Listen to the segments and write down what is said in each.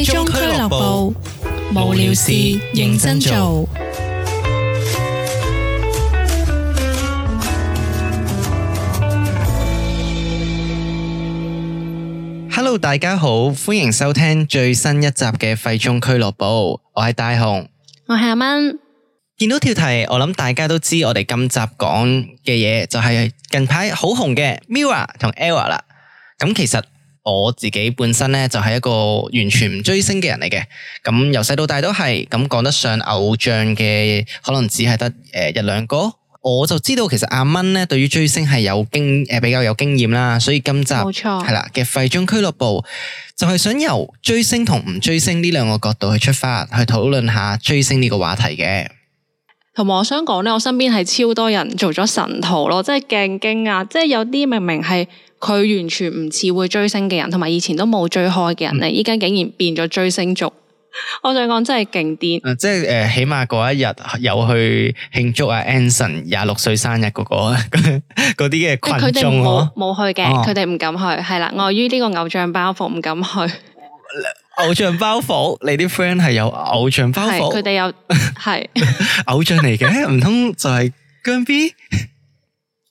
廢中俱樂部，無聊事認真做。Hello，大家好，歡迎收聽最新一集嘅《廢中俱樂部》，我係大雄，我係阿蚊。見到條題，我諗大家都知，我哋今集講嘅嘢就係近排好紅嘅 Mirror 同 Error 啦。咁其實。我自己本身咧就係一個完全唔追星嘅人嚟嘅，咁由細到大都係咁講得上偶像嘅，可能只係得誒一兩個。我就知道其實阿蚊咧對於追星係有經誒比較有經驗啦，所以今集冇錯係啦嘅廢中俱樂部就係想由追星同唔追星呢兩個角度去出發去討論下追星呢個話題嘅。同埋我想講咧，我身邊係超多人做咗神徒咯，即係鏡經啊，即係有啲明明係。佢完全唔似會追星嘅人，同埋以前都冇追開嘅人嚟，依家竟然變咗追星族，我想講真係勁癲。即係誒、呃，起碼嗰一日 有去慶祝阿 Anson 廿六歲生日嗰個嗰啲嘅群眾嗬，冇去嘅，佢哋唔敢去，係啦，礙於呢個偶像包袱唔敢去。偶像包袱，你啲 friend 係有偶像包袱，佢哋有係 偶像嚟嘅，唔通 就係姜 B？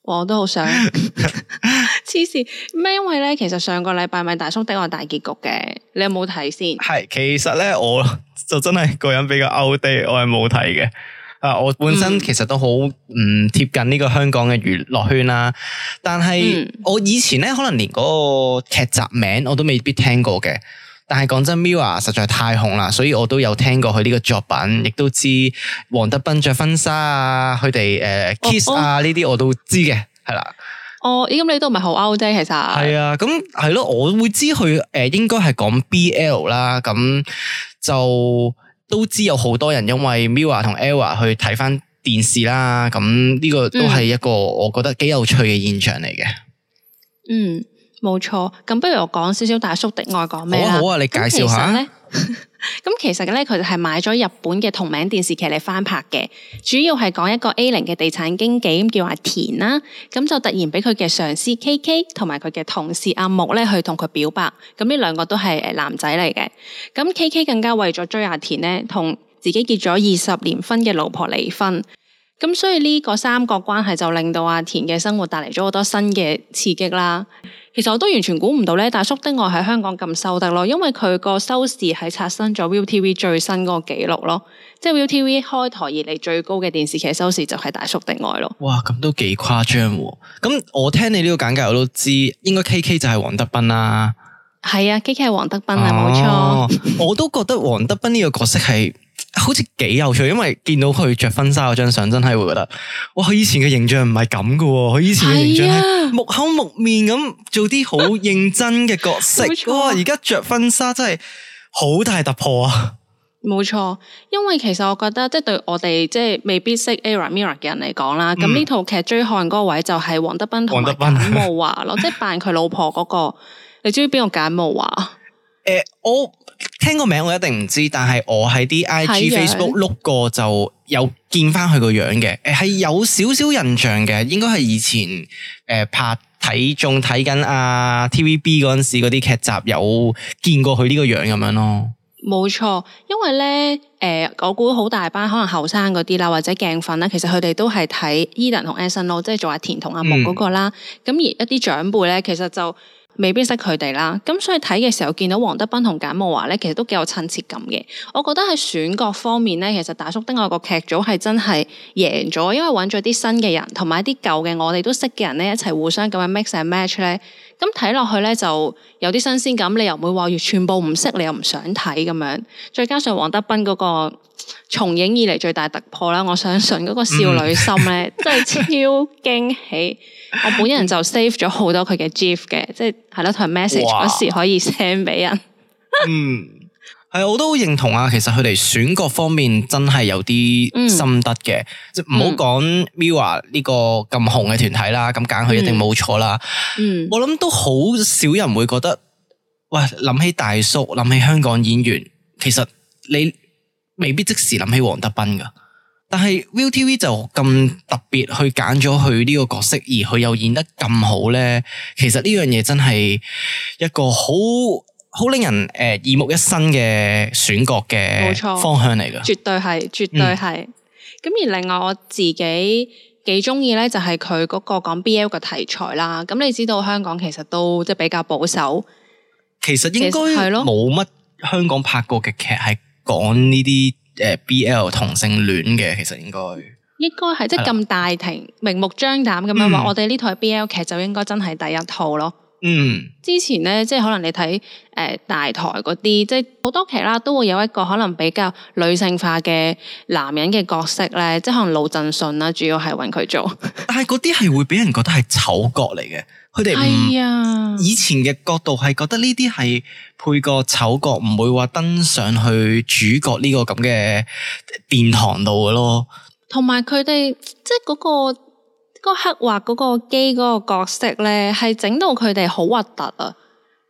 我都好想黐線咩？因為咧，其實上個禮拜咪大叔的愛大結局嘅，你有冇睇先？係其實咧，我就真係個人比較 out 啲，我係冇睇嘅。啊，我本身其實都好唔貼近呢個香港嘅娛樂圈啦，但係我以前咧，可能連嗰個劇集名我都未必聽過嘅。但係講真，Mirror 實在太紅啦，所以我都有聽過佢呢個作品，亦都知黃德斌着婚紗啊，佢哋誒 kiss 啊呢啲我都知嘅，係啦、哦。哦，咦，咁你都唔係好 out 啫，其實。係啊，咁係咯，我會知佢誒，應該係講 BL 啦，咁就都知有好多人因為 Mirror 同 Error、ER，去睇翻電視啦，咁呢個都係一個我覺得幾有趣嘅現象嚟嘅。嗯。冇錯，咁不如我講少少大叔的愛講咩啦？好啊，你介紹下。咁其實咧，佢就係買咗日本嘅同名電視劇嚟翻拍嘅，主要係講一個 A0 嘅地產經紀，叫阿田啦。咁就突然俾佢嘅上司 KK 同埋佢嘅同事阿木咧，去同佢表白。咁呢兩個都係男仔嚟嘅。咁 KK 更加為咗追阿田呢，同自己結咗二十年婚嘅老婆離婚。咁所以呢個三角關係就令到阿田嘅生活帶嚟咗好多新嘅刺激啦。其實我都完全估唔到咧，大叔的愛喺香港咁收得咯，因為佢個收視係刷新咗 Viu TV 最新嗰個紀錄咯，即係 Viu TV 開台以嚟最高嘅電視劇收視就係大叔的愛咯。哇，咁都幾誇張喎！咁我聽你呢個簡介，我都知應該、啊、K K 就係黃德斌啦。係啊，K K 係黃德斌啊，冇錯。我都覺得黃德斌呢個角色係。好似幾有趣，因為見到佢着婚紗嗰張相，真係會覺得，哇！佢以前嘅形象，唔係咁噶，佢以前嘅形象係木口木面咁做啲好認真嘅角色，哎、呀 哇！而家着婚紗真係好大突破啊！冇錯，因為其實我覺得即係對我哋即係未必識 a r a m i r a 嘅人嚟講啦，咁呢、嗯、套劇追看嗰位就係黃德斌，同黃德斌木華咯，即係扮佢老婆嗰，那個， 你中意邊個揀木華？誒、呃，我。聽個名我一定唔知，但係我喺啲 I G Facebook 碌過就有見翻佢個樣嘅，係有少少印象嘅。應該係以前誒、呃、拍睇仲睇緊啊 T V B 嗰陣時嗰啲劇集有見過佢呢個樣咁樣咯。冇錯，因為咧誒、呃，我估好大班可能後生嗰啲啦，或者鏡粉啦，其實佢哋都係睇 Edan 同 Anson 咯，即係做阿田同阿木嗰、那個啦。咁、嗯、而一啲長輩咧，其實就未必識佢哋啦，咁所以睇嘅時候見到黃德斌同簡慕華咧，其實都幾有親切感嘅。我覺得喺選角方面咧，其實《大叔丁愛》個劇組係真係贏咗，因為揾咗啲新嘅人，同埋啲舊嘅我哋都識嘅人咧，一齊互相咁樣 mix and match 咧。咁睇落去咧，就有啲新鮮感，你又唔會話全部唔識，你又唔想睇咁樣。再加上黃德斌嗰個從影以嚟最大突破啦，我相信嗰個少女心咧、嗯、真係超驚喜。 我本人就 save 咗好多佢嘅 gif 嘅，即係係咯，同埋 message 嗰哇 時可以 send 俾人。嗯。 係，我都認同啊！其實佢哋選角方面真係有啲心得嘅，嗯、即唔好講 MIRROR 呢個咁紅嘅團體啦，咁揀佢一定冇錯啦。嗯，我諗都好少人會覺得，喂，諗起大叔，諗起香港演員，其實你未必即時諗起黃德斌噶。但係 Viu TV 就咁特別去揀咗佢呢個角色，而佢又演得咁好咧，其實呢樣嘢真係一個好。好令人誒、呃、耳目一新嘅選角嘅方向嚟㗎。冇錯，絕對係，絕對係。咁而另外我自己幾中意咧，就係佢嗰個講 BL 嘅題材啦。咁你知道香港其實都即係比較保守，其實應該係咯，冇乜香港拍過嘅劇係講呢啲誒 BL 同性戀嘅，其實應該應該係即係咁大庭明目張膽咁樣話，我哋呢台 BL 劇就應該真係第一套咯。嗯，之前咧，即係可能你睇，誒、呃、大台嗰啲，即係好多劇啦，都會有一個可能比較女性化嘅男人嘅角色咧，即係可能魯振順啦，主要係搵佢做。但係嗰啲係會俾人覺得係丑角嚟嘅。佢哋係啊，哎、呀 以前嘅角度係覺得呢啲係配個丑角，唔會話登上去主角呢個咁嘅殿堂度嘅咯。同埋佢哋即係、那、嗰個。個刻畫嗰個基嗰個角色咧，係整到佢哋好核突啊！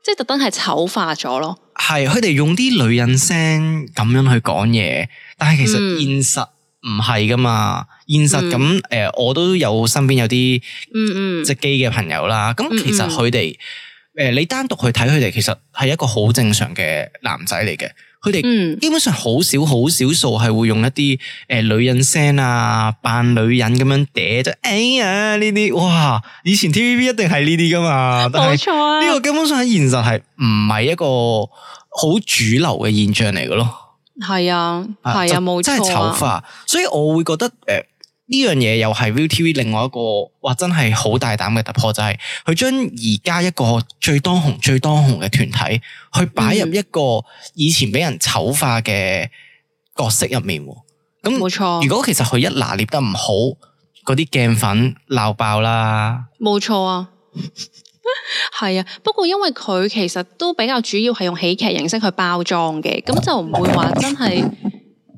即係特登係醜化咗咯。係佢哋用啲女人聲咁樣去講嘢，但係其實現實唔係噶嘛。現實咁誒、嗯呃，我都有身邊有啲嗯嗯只基嘅朋友啦。咁其實佢哋誒，你單獨去睇佢哋，其實係一個好正常嘅男仔嚟嘅。佢哋基本上好少好少數係會用一啲誒、呃、女人聲啊，扮女人咁樣嗲咗，哎呀呢啲哇！以前 T V B 一定係呢啲噶嘛，冇錯啊！呢個根本上喺現實係唔係一個好主流嘅現象嚟嘅咯，係啊係啊，冇、即係醜化，啊、所以我會覺得誒。呃呢樣嘢又係 Viu TV 另外一個，話真係好大膽嘅突破，就係、是、佢將而家一個最當紅、最當紅嘅團體，去擺入一個以前俾人醜化嘅角色入面。咁、嗯，冇那錯。如果其實佢一拿捏得唔好，嗰啲鏡粉鬧爆啦。冇錯啊，係 啊。不過因為佢其實都比較主要係用喜劇形式去包裝嘅，咁就唔會話真係。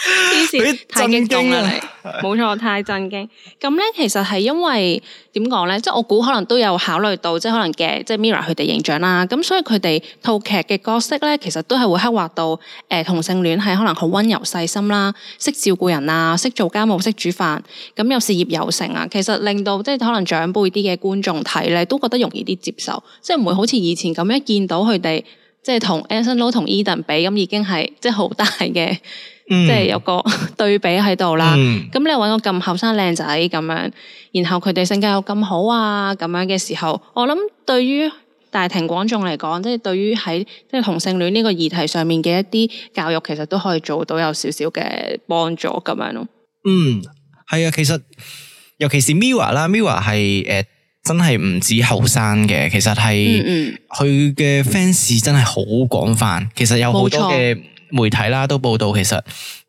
黐線，太震驚啦！你冇錯，太震驚。咁咧，其實係因為點講咧？即係我估可能都有考慮到，即係可能嘅，即係 MIRROR 佢哋形象啦。咁所以佢哋套劇嘅角色咧，其實都係會刻畫到誒、呃、同性戀係可能好温柔細心啦，識照顧人啊，識做家務，識煮飯，咁又事業有成啊。其實令到即係可能長輩啲嘅觀眾睇咧，都覺得容易啲接受，即係唔會好似以前咁樣見到佢哋即係同 Anson Lo 同 Edan 比咁，已經係即係好大嘅。嗯、即係有個對比喺度啦，咁、嗯、你又揾個咁後生靚仔咁樣，然後佢哋性格又咁好啊，咁樣嘅時候，我諗對於大庭廣眾嚟講，即係對於喺即係同性戀呢個議題上面嘅一啲教育，其實都可以做到有少少嘅幫助咁樣咯。嗯，係啊，其實尤其是 Mirror 啦，Mirror 係誒真係唔止後生嘅，其實係，嗯嗯，佢嘅 fans 真係好廣泛，其實有好多嘅。媒體啦都報道，其實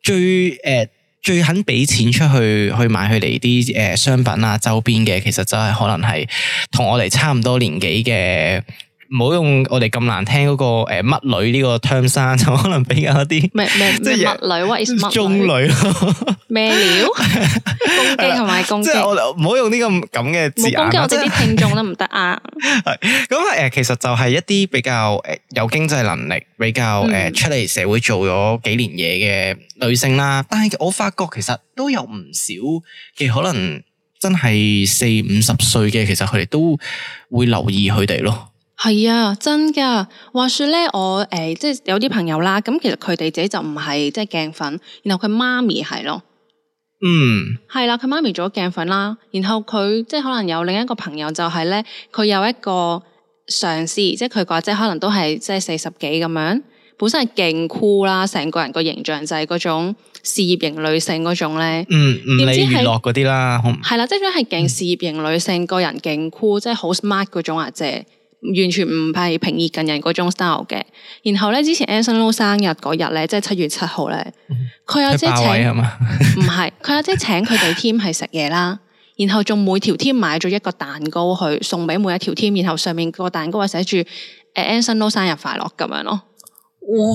最誒、呃、最肯俾錢出去去買佢哋啲誒商品啊周邊嘅，其實就係可能係同我哋差唔多年紀嘅。唔好用我哋咁難聽嗰、嗰個誒乜女呢個 term，就可能比較一啲， 即係乜女或者乜中女咯。咩料攻擊同埋攻擊，唔好用呢個咁嘅字眼。攻擊我哋啲聽眾都唔得啊。咁，誒，其實就係一啲比較誒有經濟能力、比較誒出嚟社會做咗幾年嘢嘅女性啦。嗯、但係我發覺其實都有唔少嘅，其實可能真係四五十歲嘅，其實佢哋都會留意佢哋咯。係啊，真噶。話說咧，我、呃、誒，即係有啲朋友啦。咁其實佢哋自己就唔係即係鏡粉，然後佢媽咪係咯。嗯，係啦，佢媽咪做咗鏡粉啦。然後佢即係可能有另一個朋友就係、是、咧，佢有一個上司，即係佢個姐可能都係即係四十幾咁樣，本身係勁 cool 啦，成個人個形象就係嗰種事業型女性嗰種咧、嗯。嗯，點知係落嗰啲啦？係啦的、嗯，即係一、嗯、種係勁事業型女性，個人勁 cool，即係好 smart 嗰種啊，姐。完全唔係平易近人嗰種 style 嘅。然後咧，之前 Anson Lo 生日嗰日咧，即係七月七號咧，佢、嗯、有即係請，唔係，佢 有姐係請佢哋 team 係食嘢啦。 然後仲每條 team 買咗一個蛋糕去送俾每一條 team，然後上面個蛋糕啊寫住誒 Anson Lo 生日快樂咁樣咯。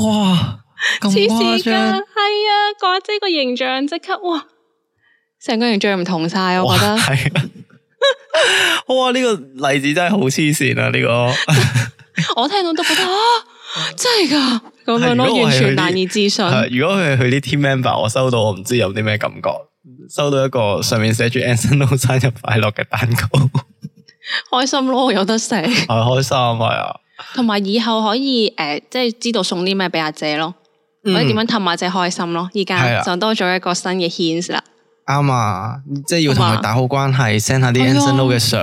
哇，咁誇張，係啊，阿、那、姐個形象即刻哇，成個形象唔同晒，我覺得。哇！呢、這個例子真係好黐線啊！呢、這個 我聽到都覺得啊，真係噶咁樣咯，那個、完全難以置信。如果佢係佢啲 team member，我收到我唔知有啲咩感覺。收到一個上面寫住 Anson 生日快樂嘅蛋糕， 開心咯，有得食係開心係啊。同埋以後可以誒、呃，即係知道送啲咩俾阿姐咯，可以點樣氹阿姐開心咯。依家、啊、就多咗一個新嘅 hence 啦。啱啊，即係要同佢打好關係，send 嗎下啲 Anson Lo 嘅相，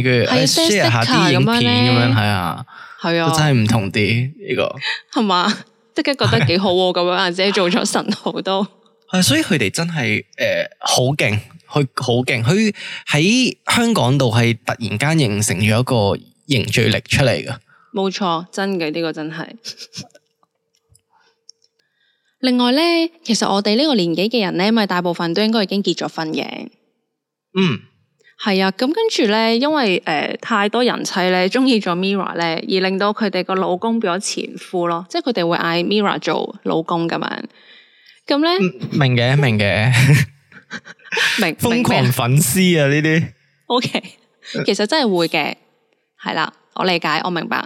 跟住 share 下啲影片咁嗎樣，係啊，係啊， 真係唔同啲呢個係嘛嗎， 即刻覺得幾好咁樣，姐嗎 做咗神豪都係，所以佢哋真係誒好勁，佢好勁，佢喺香港度係突然間形成咗一個凝聚力出嚟噶，冇錯，真嘅呢個真係。 另外咧，其實我哋呢個年紀嘅人咧，咪大部分都應該已經結咗婚嘅。嗯，係啊。咁跟住咧，因為誒、呃、太多人妻咧中意咗 Mirror 咧，而令到佢哋個老公變咗前夫咯，即係佢哋會嗌 Mirror 做老公咁樣呢。咁咧，明嘅， 明嘅，明瘋 狂粉絲啊呢啲。OK，其實真係會嘅，係啦， 我理解，我明白。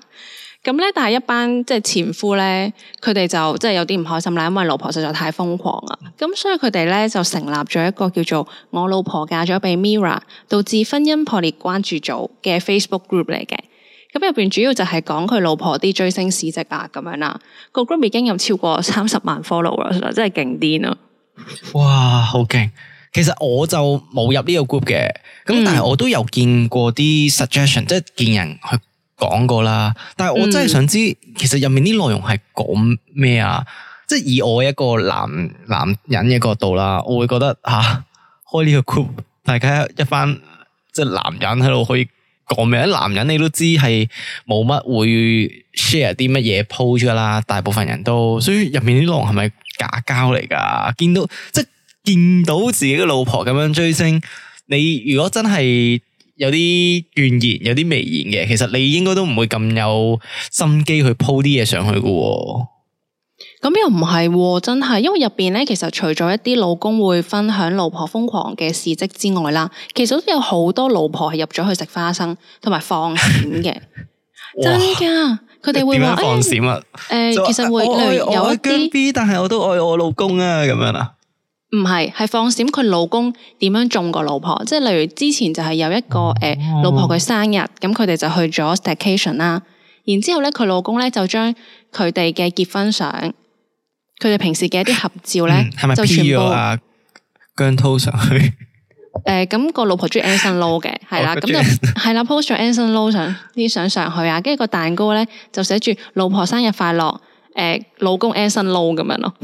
咁咧，但係一班即係前夫咧，佢哋就真係有啲唔開心啦，因為老婆實在太瘋狂啊！咁所以佢哋咧就成立咗一個叫做《我老婆嫁咗俾 Mirror 導致婚姻破裂關注組》嘅 Facebook group 嚟嘅。咁入邊主要就係講佢老婆啲追星事跡啊，咁樣啦。個 group 已經有超過三十萬 follower 啦，真係勁癲咯！哇，好勁！其實我就冇入呢個 group 嘅，咁但係我都有見過啲 suggestion，、嗯、即係見人去。講過啦，但係我真係想知，嗯、其實入面啲內容係講咩啊？即係以我一個男男人嘅角度啦，我會覺得吓、啊、開呢個 group，大家一班即係男人喺度可以講咩？男人你都知係冇乜會 share 啲乜嘢 post 噶啦，大部分人都，所以入面啲內容係咪假交嚟噶？見到即係見到自己嘅老婆咁樣追星，你如果真係。有啲怨言，有啲微言嘅，其實你應該都唔會咁有心機去鋪啲嘢上去嘅、哦。咁又唔係、哦，真係，因為入邊咧，其實除咗一啲老公會分享老婆瘋狂嘅事跡之外啦，其實都有好多老婆係入咗去食花生同埋放閃嘅。 哇真噶，佢哋會話點樣放閃啊！誒、欸，呃、說其實會愛有一啲，B，但係我都愛我老公啊，咁樣啊。唔係，係放閃佢老公點樣中個老婆，即係例如之前就係有一個誒老婆嘅生日，咁佢哋就去咗 Staycation 啦。然之後咧，佢老公咧就將佢哋嘅結婚相，佢哋平時嘅一啲合照咧，就全部、嗯、係咪姜濤上去。誒、欸，咁個老婆中意 Anson Lo 嘅，係啦，咁就係啦 ，post 咗 Anson Lo 上啲相上去啊。跟住個蛋糕咧就寫住老婆生日快樂。誒、呃，老公 Anson Lo，咁樣咯，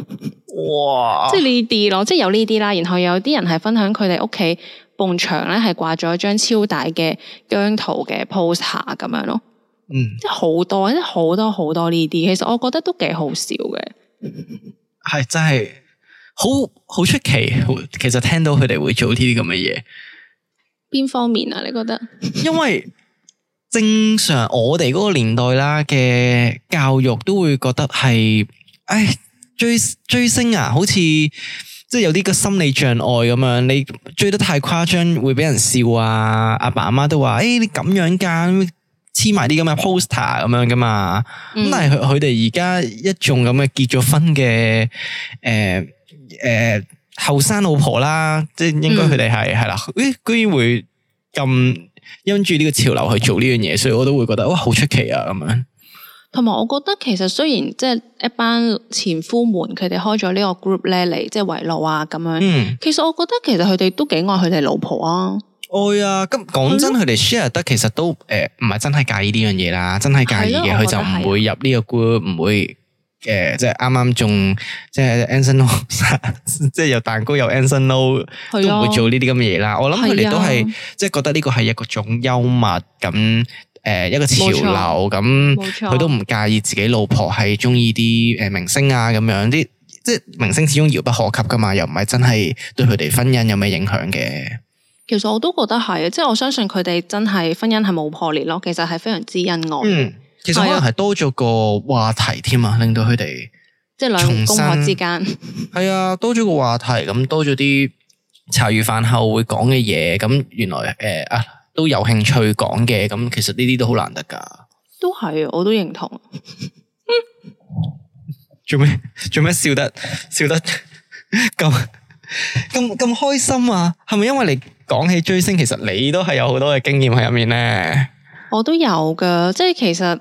哇！即係呢啲咯，即係有呢啲啦。然後有啲人係分享佢哋屋企埲牆咧，係掛咗一張超大嘅姜濤嘅 poster 咁樣咯。嗯，即係好多，即係好多好多呢啲。其實我覺得都幾好笑嘅。係、嗯、真係好好出奇，其實聽到佢哋會做呢啲咁嘅嘢。邊方面啊？你覺得？ 因為。正常我哋嗰個年代啦嘅教育都會覺得係，唉追追星啊，好似即係有啲個心理障礙咁樣，你追得太誇張會俾人笑啊！阿爸阿媽都話，誒、欸、你咁樣噶、啊，黐埋啲咁嘅 poster 咁樣噶嘛。咁、嗯、但係佢佢哋而家一眾咁嘅結咗婚嘅，誒、呃、誒、呃、後生老婆啦，即係應該佢哋係係啦，誒、嗯哎、居然會咁。因住呢個潮流去做呢樣嘢，所以我都會覺得哇，好出奇啊咁樣。同埋，我覺得其實雖然即係一班前夫們佢哋開咗呢個 group 咧嚟，即係圍爐啊咁樣。嗯，其實我覺得其實佢哋都幾愛佢哋老婆啊、哎呀，愛啊。咁講真，佢哋 share 得其實都誒，唔係真係介意呢樣嘢啦，真係介意嘅，佢就唔會入呢個 group，唔會。嘅即係啱啱仲即係 Anson Lo 即係有蛋糕有 Anson Lo、啊、都唔會做呢啲咁嘅嘢啦。我諗佢哋都係即係覺得呢個係一個種幽默咁誒、呃、一個潮流咁，佢都唔介意自己老婆係中意啲誒明星啊咁樣啲，即係明星始終遙不可及噶嘛，又唔係真係對佢哋婚姻有咩影響嘅。其實我都覺得係，即係我相信佢哋真係婚姻係冇破裂咯，其實係非常之恩愛。嗯其實可能係多咗個話題添啊，令到佢哋即係兩公婆之間係啊， 多咗個話題咁，多咗啲茶餘飯後會講嘅嘢。咁原來誒、呃、啊都有興趣講嘅。咁其實呢啲都好難得噶，都係，我都認同。 做咩做咩笑得笑得咁咁咁開心啊？係咪因為你講起追星，其實你都係有好多嘅經驗喺入面咧？我都有噶，即係其實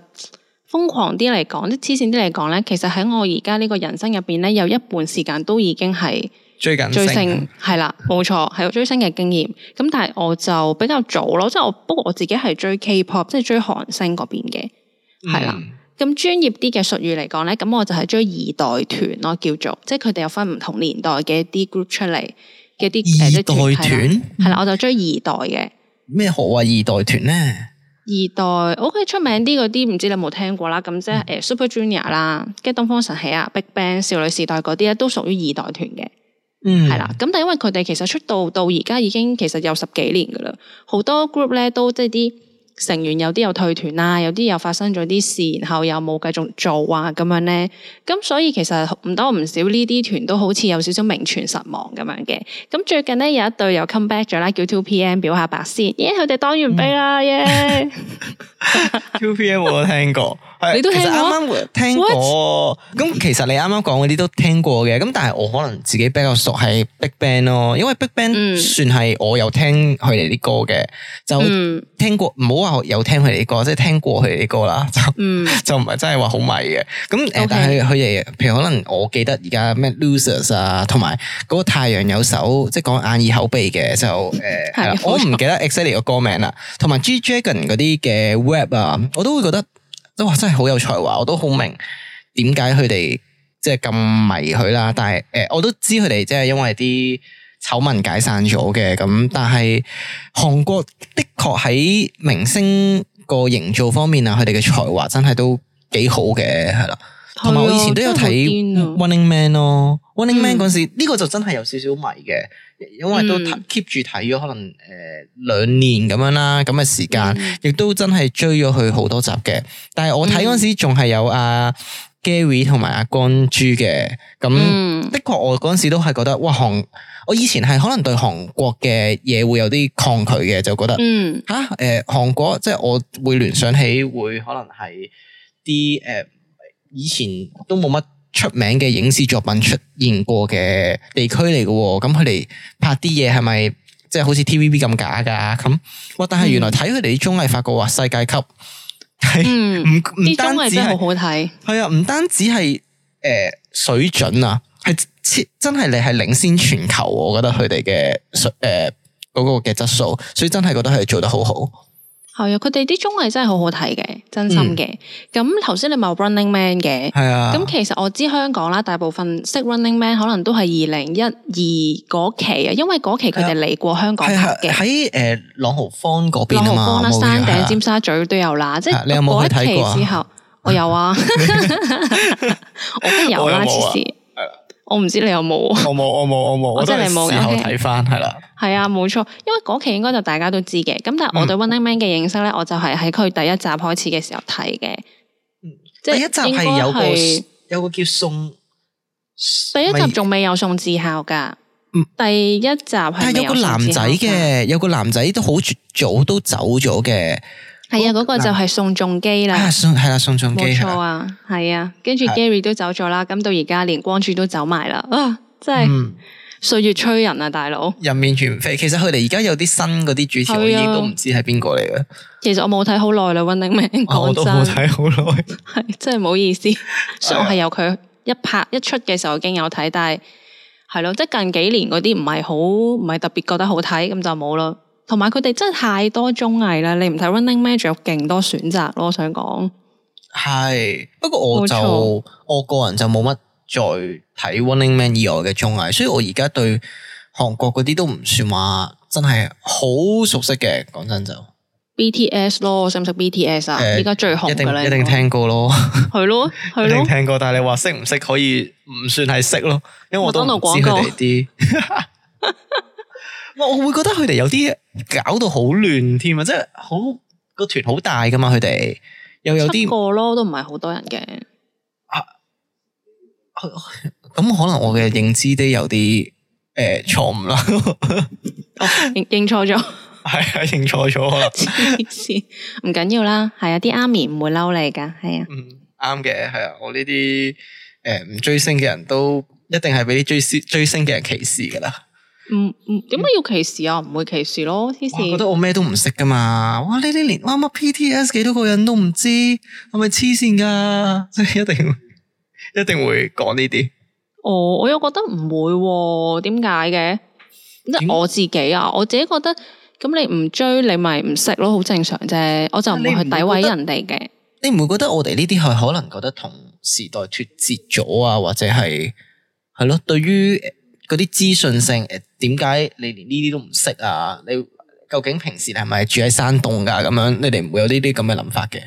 瘋狂啲嚟講，即黐線啲嚟講咧，其實喺我而家呢個人生入邊咧，有一半時間都已經係追緊追星係啦，冇錯，係有追星嘅經驗。咁但係我就比較早咯，即係我不過我自己係追 K-pop，即係追韓星嗰邊嘅，係啦。咁專業啲嘅術語嚟講咧，咁我就係追二代團咯，叫做即係佢哋有分唔同年代嘅一啲 group 出嚟嘅一啲二代團，係啦，我就追二代嘅。咩何謂二代團咧？二代我屋企出名啲嗰啲，唔知你有冇聽過啦，咁即係誒 Super Junior 啦、嗯，跟東方神起啊、BigBang、少女時代嗰啲咧都屬於二代團嘅，係啦、嗯。咁但係因為佢哋其實出道到而家已經其實有十幾年噶啦，好多 group 咧都即係啲。成員有啲又退團啦，有啲又發生咗啲事，然後又冇繼續做啊咁樣咧。咁所以其實唔多唔少呢啲團都好似有少少名存實亡咁樣嘅。咁最近咧有一隊又 come back 咗啦，叫 Two PM 表下白先。咦，佢哋當完兵啦耶！Two PM 我都聽過，你都聽啱我聽過。咁其實你啱啱講嗰啲都聽過嘅。咁但係我可能自己比較熟係 BIGBANG 咯，因為 BIGBANG 算係我有聽佢哋啲歌嘅，嗯、就聽過唔好。有聽佢哋啲歌，即係聽過佢哋啲歌啦，就、嗯、 就唔係真係話好迷嘅。咁誒，呃、Okay. 但係佢哋，譬如可能我記得而家咩 Losers 啊，同埋嗰個太陽有手，嗯、即係講眼耳口鼻嘅就誒，我唔記得 exactly 個歌名啦，同埋 G Dragon 嗰啲嘅 rap 啊，我都會覺得都係真係好有才華，我都好明點解佢哋即係咁迷佢啦。但係誒、呃，我都知佢哋即係因為啲。醜聞解散咗嘅，咁但係韓國的確喺明星個營造方面啊，佢哋嘅才華真係都幾好嘅，係啦。同埋我以前都有睇、哦《Running、mm hmm. Man》咯，《Running Man》嗰陣時呢個就真係有少少迷嘅，因為都 keep 住睇咗可能誒兩年咁樣啦，咁嘅時間亦都真係追咗佢好多集嘅。但係我睇嗰陣時仲係有阿、啊、Gary 同埋阿光洙嘅，咁的確我嗰陣時都係覺得哇韓。我以前係可能對韓國嘅嘢會有啲抗拒嘅，就覺得吓，誒、嗯，韓、呃、國即係我會聯想起會可能係啲誒以前都冇乜出名嘅影視作品出現過嘅地區嚟嘅，咁佢哋拍啲嘢係咪即係好似 TVB 咁假噶？咁、嗯，哇、嗯！但係原來睇佢哋啲綜藝，發覺話世界級，係唔唔單止、嗯嗯嗯嗯、好好睇，係啊，唔單止係誒水準啊，係。嗯真係你係領先全球，我覺得佢哋嘅、誒個嘅質素，所以真係覺得佢哋做得好好。係啊，佢哋啲綜藝真係好好睇嘅，真心嘅。咁頭先你咪 running man 嘅，係對啊。咁其實我知香港啦，大部分識 running man 可能都係二零一二嗰期啊，因為嗰期佢哋嚟過香港拍嘅，喺誒、啊啊呃、朗豪坊嗰邊啊嘛，啊有有山頂尖沙咀都有啦。對啊、即係是你有冇去睇過啊？我有啊，我都有啦、啊，其實。我唔知你有冇，我冇我冇我冇，我真係冇。然後睇翻係啦。係啊 Okay.，冇錯，因為嗰期應該就大家都知嘅。咁但係我對、嗯《Running Man》嘅認識咧，我就係喺佢第一集開始嘅時候睇嘅、嗯。第一集係有個有個叫宋，第一集仲未有宋智孝㗎。嗯、第一集係有，有個男仔嘅，嗯、有個男仔都好早都走咗嘅。係啊，嗰、那個就係宋仲基啦、啊。宋係啦、啊，宋仲基。冇錯啊，係啊，跟住、啊、Gary、啊、都走咗啦，咁到而家連光柱都走埋啦。啊，真係歲月催人啊，大佬！人面全非。其實佢哋而家有啲新嗰啲主持，啊、我已經都唔知係邊個嚟嘅。其實我冇睇、oh，好耐啦，Running Man。我都冇睇好耐。係真係冇意思， 所以我係由佢一拍一出嘅時候我已經有睇，但係係咯，即係近幾年嗰啲唔係好，唔係特別覺得好睇，咁就冇咯。同埋佢哋真係太多綜藝啦，你唔睇 Running Man 仲有勁多選擇咯。我想講，係，不過我就錯我個人就冇乜再睇 Running Man 以外嘅綜藝，所以我而家對韓國嗰啲都唔算話真係好熟悉嘅。講真就 BTS 咯，識唔識 BTS 啊？而家是最紅嘅咧，一定聽過咯，係 咯， 咯咯一定聽過。但係你話識唔識可以唔算係識咯，因為我都知佢哋啲。 我我會覺得佢哋有啲搞到好亂添啊，即係好個團好大噶嘛，佢哋又有啲個咯，都唔係好多人嘅。咁可能我嘅認知都有啲誒錯誤啦，認認錯咗，係啊，認錯咗啊，唔緊要啦，係啊，啲阿咪唔會嬲你噶，係啊，嗯，啱嘅，係啊，我呢啲誒唔追星嘅人都一定係俾啲追星追星嘅人歧視噶啦。唔唔，點解要歧視啊？唔、嗯、唔會歧視咯，黐線！覺得我咩都唔識噶嘛？哇！呢啲連啱乜 P T S 幾多個人都唔知，係咪黐線噶？即係一定，一定會講呢啲。哦，我又覺得唔會、啊，點解嘅？我自己啊，我自己覺得咁，你唔追你咪唔識咯，好正常啫。我就唔會去詆毀人哋嘅。你唔會覺得我哋呢啲係可能覺得同時代脫節咗啊？或者係係咯，對於。對於嗰啲資訊性誒點解你連呢啲都唔識啊？你究竟平時你係咪住喺山洞噶？咁樣你哋唔會有呢啲咁嘅諗法嘅？誒、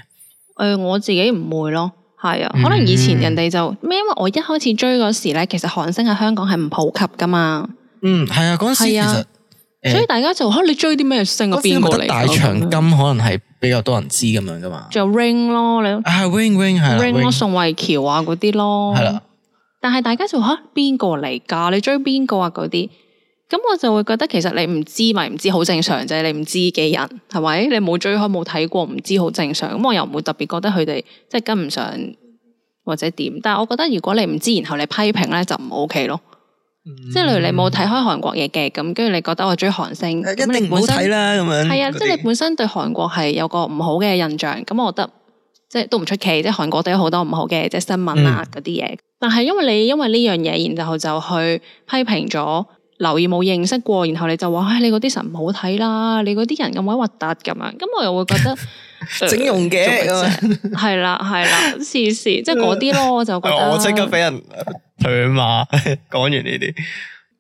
呃、我自己唔會咯，係啊，嗯、可能以前人哋就咩？因為我一開始追嗰時咧，其實韓星喺香港係唔普及噶嘛。嗯，係啊，嗰陣時其實，啊欸、所以大家就嚇、啊、你追啲咩星？邊個嚟？大長今可能係比較多人知咁樣噶嘛。仲有 Ring 咯，你係、啊、Ring Ring 係、啊。Ring 咯 Ring、啊，宋慧喬啊嗰啲咯。係啦、啊。但係大家就吓邊個嚟噶？你追邊個啊？嗰啲，咁我就會覺得其實你唔知咪唔、就是、知好正常啫。你唔知嘅人係咪？你冇追開冇睇過唔知好正常。咁我又唔會特別覺得佢哋即係跟唔上或者點。但係我覺得如果你唔知，然後你批評咧就唔 OK 咯。嗯、即係例如你冇睇開韓國嘢嘅，咁跟住你覺得我追韓星，嗯、你一定唔好睇啦咁樣。係啊，些即係你本身對韓國係有個唔好嘅印象，咁我覺得即係都唔出奇。即係韓國都有好多唔好嘅，即係新聞啊嗰啲嘢。嗯但係因為你因為呢樣嘢，然後就去批評咗，留意冇認識過，然後你就話，唉、哎，你嗰啲神唔好睇啦，你嗰啲人咁鬼核突咁樣，咁我又會覺得整容嘅。係啦係啦，試試，即係嗰啲咯，就覺得我即刻俾人唾罵。講完呢啲，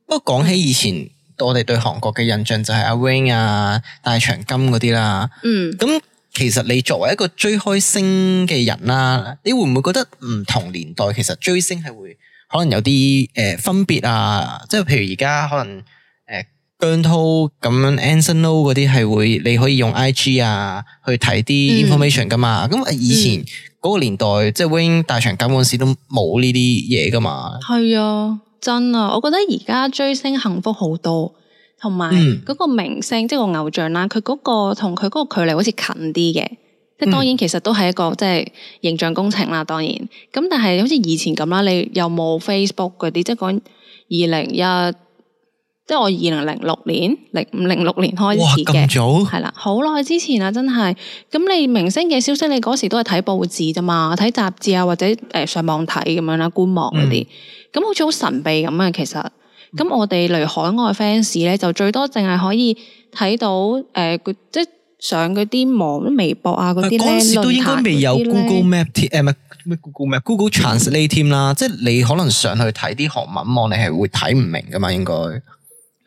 不過講起以前我哋對韓國嘅印象就係阿 Rain 啊、大長今嗰啲啦 嗯，嗯，咁。其實你作為一個追開星嘅人啦，你會唔會覺得唔同年代其實追星係會可能有啲誒分別啊？即係譬如而家可能誒姜濤咁樣 Anson Lo 嗰啲係會你可以用 IG 啊去睇啲 information 噶嘛？咁啊、嗯、以前嗰個年代、嗯、即係 Wing 大長今嗰時都冇呢啲嘢噶嘛？係啊，真啊！我覺得而家追星幸福好多。同埋嗰個明星、嗯、即係個偶像啦，佢嗰個同佢嗰個距離好似近啲嘅，即係當然其實都係一個、嗯、即係形象工程啦。當然，咁但係好似以前咁啦，你有冇 Facebook 嗰啲？即係講二零一，即係我二零零六年零五零六年開始嘅，係啦，好耐之前啦，真係。咁你明星嘅消息，你嗰時都係睇報紙啫嘛，睇雜誌啊，或者誒上網睇咁樣啦，觀望嗰啲，咁、嗯、好似好神秘咁啊，其實。咁我哋嚟海外 fans 咧，就最多淨係可以睇到誒、呃，即係上嗰啲網、微博啊嗰啲咧，呢都都應該未有 Google Map, Google Map 添、嗯，誒咩 Google 咩 Google Translate 添啦，即係你可能上去睇啲韓文網，你係會睇唔明噶嘛，應該。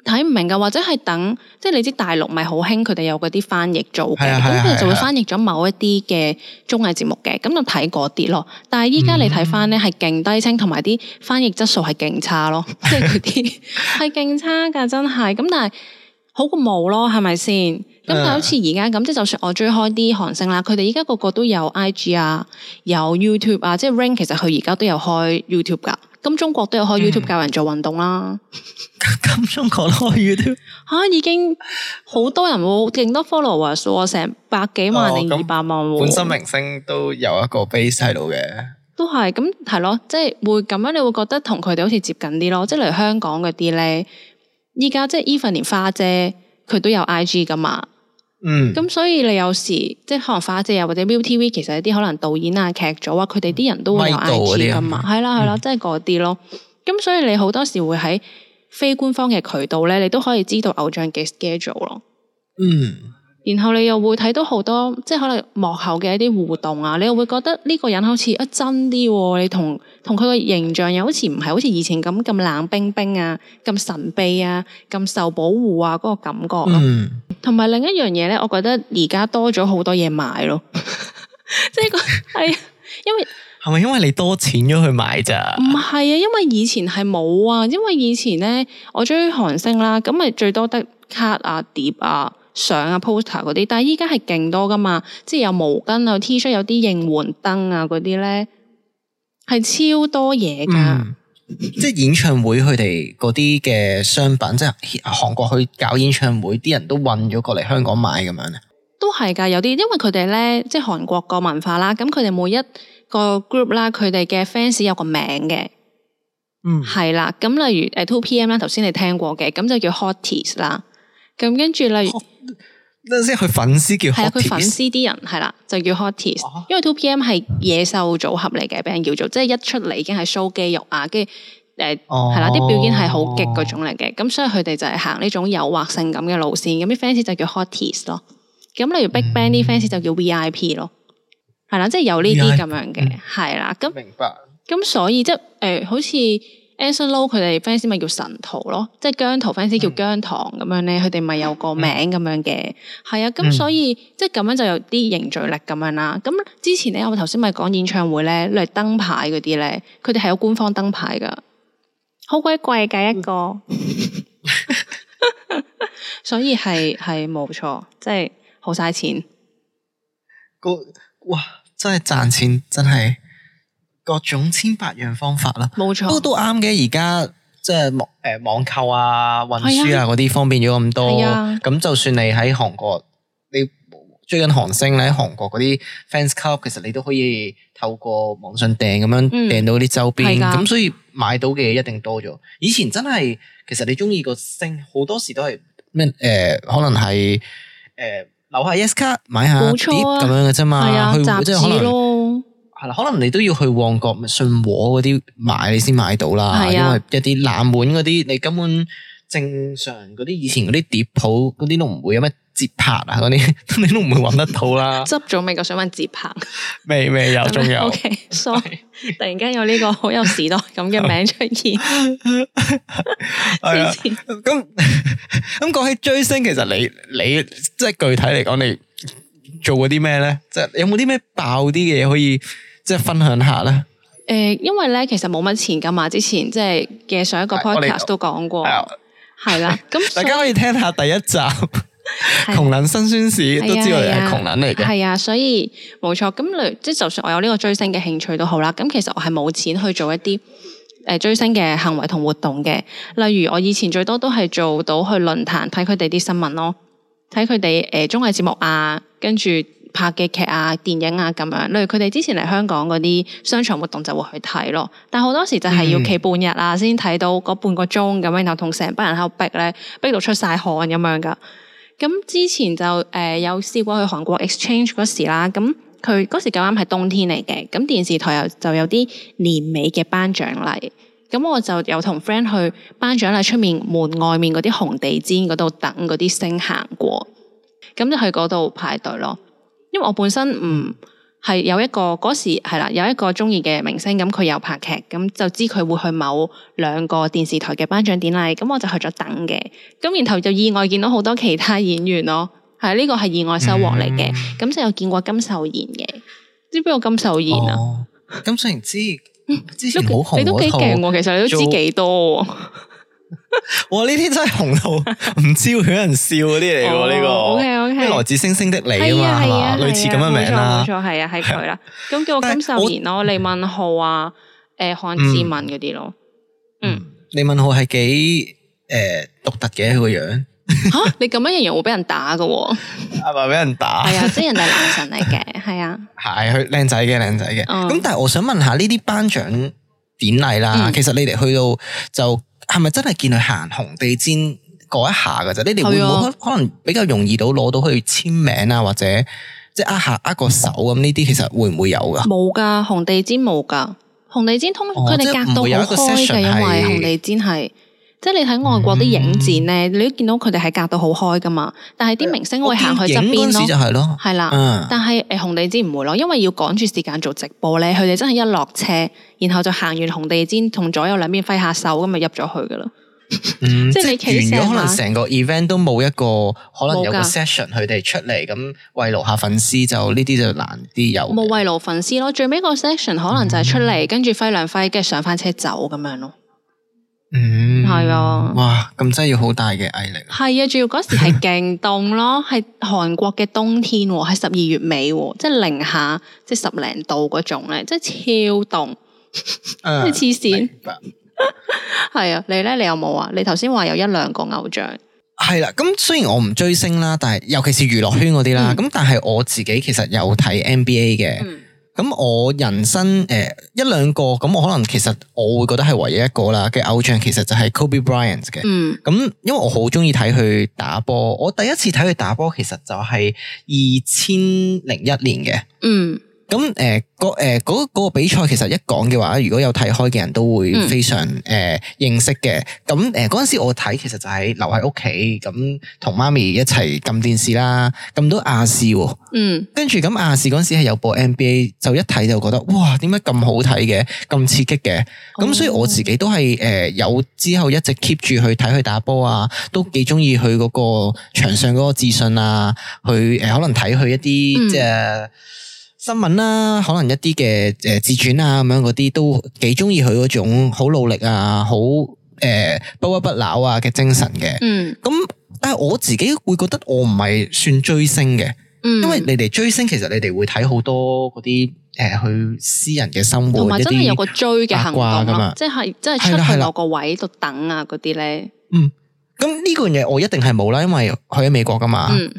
睇唔明噶，或者係等，即係你知大陸咪好興佢哋有嗰啲翻譯組嘅，咁佢的就會翻譯咗某一啲嘅綜藝節目嘅，咁的就睇嗰啲咯。嗯、但係依家你睇翻咧，係勁低清同埋啲翻譯質素係勁差， 差咯，即係嗰啲係勁差噶，真係。 咁但係好過冇咯，係咪先？咁但係好似而家咁，即係就算我追開啲韓星啦，佢哋依家個個都有 IG 啊，有 YouTube 啊，即係 Rain 其實佢而家都有開 YouTube 噶。咁中、嗯、 中國都有開 YouTube 教人做、啊、運動啦，咁中國開 YouTube 吓已經好多人喎，勁多 followers，成百幾萬定、哦、二百萬喎。本身明星都有一個 base 喺度嘅，都係咁係咯，即、嗯、係、就是、會咁樣你會覺得同佢哋好似接近啲咯，即係嚟香港嗰啲咧，依家即係 Even 連花姐佢都有 IG 噶嘛。嗯，咁所以你有時即係可能花姐啊，或者 Viu TV 其實一啲可能導演啊、劇組啊，佢哋啲人都會有 IG 噶嘛，係啦，係啦，即係嗰啲咯。咁所以你好多時會喺非官方嘅渠道咧，你都可以知道偶像嘅 schedule 咯。嗯。然後你又會睇到好多，即係可能幕後嘅一啲互動啊，你又會覺得呢個人好似、啊、一真啲喎。你同同佢嘅形象又好似唔係好似以前咁咁冷冰冰啊，咁神秘啊，咁受保護啊嗰、嗰個感覺，啊。嗯。同埋另一樣嘢咧，我覺得而家多咗好多嘢買咯，即係個係啊，係咪因為你多錢咗去買咋？唔係啊，因為以前係冇啊，因為以前咧我追韓星啦，咁咪最多得卡啊碟啊。相啊 poster 嗰啲，但係依家係勁多噶嘛，即係有毛巾啊 T 恤，有啲應援燈啊嗰啲咧，係超多嘢噶、嗯。即係演唱會佢哋嗰啲嘅商品，即係韓國去搞演唱會，啲人都運咗過嚟香港買咁樣咧。都係噶，有啲因為佢哋咧，即係韓國個文化啦。咁佢哋每一個 group 啦，佢哋嘅 fans 有個名嘅。嗯，係啦。咁例如誒 Two PM 啦，頭先你聽過嘅，咁就叫 Hotties 啦。咁跟住，例如，即陣佢粉絲叫係佢粉絲啲人係啦，就叫 hoties、哦、因為 Two PM 係野獸組合嚟嘅，俾人叫做即係一出嚟已經係 show 肌肉啊，跟住誒係啦，啲、呃哦、表演係好激嗰種嚟嘅，咁、哦、所以佢哋就係行呢種誘惑性感嘅路線，咁啲 fans 就叫 hoties 咯、嗯。咁例如 Big Bang 啲 fans 就叫 VIP 咯、嗯，係啦，即、就、係、是、有呢啲咁樣嘅，係啦、嗯。咁明白。咁所以即係誒，好似。Anson Lo 佢哋 fans 咪叫神徒咯，嗯、即係姜濤 fans 叫姜糖咁樣咧，佢哋咪有個名咁樣嘅，係啊、嗯，咁所以、嗯、即係咁樣就有啲凝聚力咁樣啦。咁之前咧，我頭先咪講演唱會咧，例如燈牌嗰啲咧，佢哋係有官方燈牌噶，嗯、好鬼貴噶一個， 所以係係冇錯，即係好嘥錢。個哇，真係賺錢，真係。各種千百樣方法啦，冇錯錯，不過都啱嘅。而家即係網誒網購啊、運輸啊嗰啲的方便咗咁多，咁的就算你喺韓國，你追緊韓星你喺韓國嗰啲 Fans Club，其實你都可以透過網上訂咁樣訂到啲周邊，咁、嗯、所以買到嘅一定多咗。以前真係，其實你中意個星好多時都係咩誒，可能係誒、呃、留下 Yes Card 買下碟咁樣嘅啫嘛，啊，去即集資咯。係啦，可能你都要去旺角信和嗰啲買，你先買到啦。是啊、因為一啲冷門嗰啲，你根本正常嗰啲以前嗰啲碟鋪嗰啲都唔會有咩節拍啊嗰啲， 你都唔會揾得到啦。執咗未？個想問節拍，未未有仲有？sorry，OK 突然間有呢個好有時代感嘅名出現。係啊，咁咁講起追星，其實你你即係具體嚟講你。你做過啲咩咧？即係有冇啲咩爆啲嘅嘢可以即係分享下咧？誒、呃，因為咧其實冇乜錢噶嘛，之前即係嘅上一個 Podcast 都講過，係啦了。咁 大家可以聽下第一集《 窮人辛酸史》的，都知道我係窮人嚟嘅。係啊，所以冇錯。咁例如即係，就算我有呢個追星嘅興趣都好啦。咁其實我係冇錢去做一啲誒追星嘅行為同活動嘅。例如我以前最多都係做到去論壇睇佢哋啲新聞咯。睇佢哋誒綜藝節目啊，跟住拍嘅劇啊、電影啊咁樣。例如佢哋之前嚟香港嗰啲商場活動就會去睇咯。但好多時就係要企半日啊，先睇、嗯、到嗰半個鐘咁，然後同成班人喺度逼咧，逼到出晒汗咁樣噶。咁之前就誒、呃、有試過去韓國 exchange 嗰時啦。咁佢嗰時咁啱係冬天嚟嘅，咁電視台又就有啲年尾嘅頒獎禮。咁我就有同 friend 去頒獎禮出面門外面嗰啲紅地氈嗰度等嗰啲星行過，咁就去嗰度排隊咯。因為我本身唔係、嗯、有一個嗰時係啦，有一個中意嘅明星，咁佢有拍劇，咁就知佢會去某兩個電視台嘅頒獎典禮，咁我就去咗等嘅。咁然後就意外見到好多其他演員咯，係呢、這個係意外收穫嚟嘅。咁、嗯、就有見過金秀賢嘅，知唔知金秀賢啊？金秀賢知。之前好紅嗰套，你都幾勁喎，其實你都知幾多喎。哇我呢啲真係紅到唔知會有人笑嗰啲嚟喎。呢個、 哦、OK OK，來自星星的你啊嘛，類似咁嘅名錯、 啊、啦，冇錯，係啊，係佢啦。咁叫我金秀賢咯，我李敏鎬啊，誒、呃，韓智敏嗰啲咯。嗯，李敏鎬係幾誒獨特嘅個、啊、樣。吓、啊！你咁樣仍然會俾人打噶，係咪俾人打？係啊， 即係人哋男神嚟嘅，係啊，係佢靚仔嘅，靚仔嘅。咁、嗯、但係我想問下呢啲頒獎典禮啦，嗯、其實你哋去到就係咪真係見佢行紅地氈過一下噶啫？你哋會唔會可能比較容易到攞到佢簽名啊，的或者即係握下握個手咁呢啲？其實會唔會有噶？冇噶、哦，紅地氈冇噶，紅地氈通佢哋隔到好開嘅，因為紅地氈係。即係你睇外國啲影展咧，嗯、你都見到佢哋係隔到好開噶嘛，但係啲明星會行去側邊咯。係啦，嗯、但係誒紅地氈唔會咯，因為要趕住時間做直播咧，佢哋真係一落車，然後就行完紅地氈，同左右兩邊揮下手咁咪入咗去噶啦。嗯、 即係你完咗可能成個 event 都冇一個可能有個 session，佢哋出嚟咁慰勞下粉絲，就呢啲就難啲有。冇慰勞粉絲咯，最尾個 session 可能就係出嚟，跟住揮兩揮，跟住上翻車走咁樣咯。嗯，係啊！哇，咁真係要好大嘅毅力。係啊， 仲要嗰時係勁凍咯，係韓 國嘅冬天，係十二月尾，即係零下，即係十零度嗰種咧，即係超凍，即係黐線。係啊， 你咧，你有冇啊？你頭先話有一兩個偶像。係啦，咁雖然我唔追星啦，但係尤其是娛樂圈嗰啲啦，咁、嗯、但係我自己其實有睇 NBA 嘅。嗯咁我人生誒、呃、一兩個咁，我可能其實我會覺得係唯一一個啦嘅偶像，其實就係 Kobe Bryant 嘅。嗯，咁因為我好鍾意睇佢打波，我第一次睇佢打波其實就係二千零一年嘅。嗯。咁誒，嗰個誒嗰、呃嗰個比賽其實一講嘅話，如果有睇開嘅人都會非常誒、嗯呃、認識嘅。咁誒嗰陣時我睇其實就係留喺屋企，咁同媽咪一齊撳電視啦，撳到亞視喎。嗯，跟住咁亞視嗰陣時係有播 NBA，就一睇就覺得哇，點解咁好睇嘅，咁刺激嘅。咁、嗯、所以我自己都係誒、呃、有之後一直 keep 住去睇佢打波啊，都幾鍾意佢嗰個場上嗰個自信啊，去誒、呃、可能睇佢一啲即係。嗯呃新聞啦、啊，可能一啲嘅誒自傳啊咁樣嗰啲都幾中意佢嗰種好努力啊，好誒不屈不撓啊嘅精神嘅。嗯。咁但係我自己會覺得我唔係算追星嘅。嗯。因為你哋追星，其實你哋會睇好多嗰啲誒去私人嘅生活。同埋真係有個追嘅行動咯、啊，啊、即係即係出去落個位度等啊嗰啲咧。了呢嗯。咁呢個嘢我一定係冇啦，因為去喺美國噶嘛。嗯。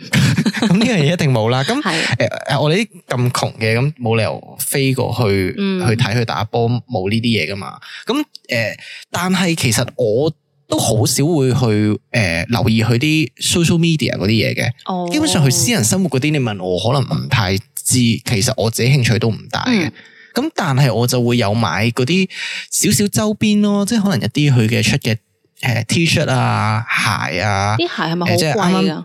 咁呢樣嘢一定冇啦。咁誒誒，我哋啲咁窮嘅，咁冇理由飛過去、嗯、去睇佢打波，冇呢啲嘢噶嘛。咁、呃、誒，但係其實我都好少會去誒、呃、留意佢啲 social media 嗰啲嘢嘅。哦，基本上佢私人生活嗰啲，你問我，我可能唔太知。其實我自己興趣都唔大嘅。咁、嗯、但係我就會有買嗰啲少少周邊咯，即係可能一啲佢嘅出嘅誒 T-shirt 啊、鞋啊，啲鞋係咪好貴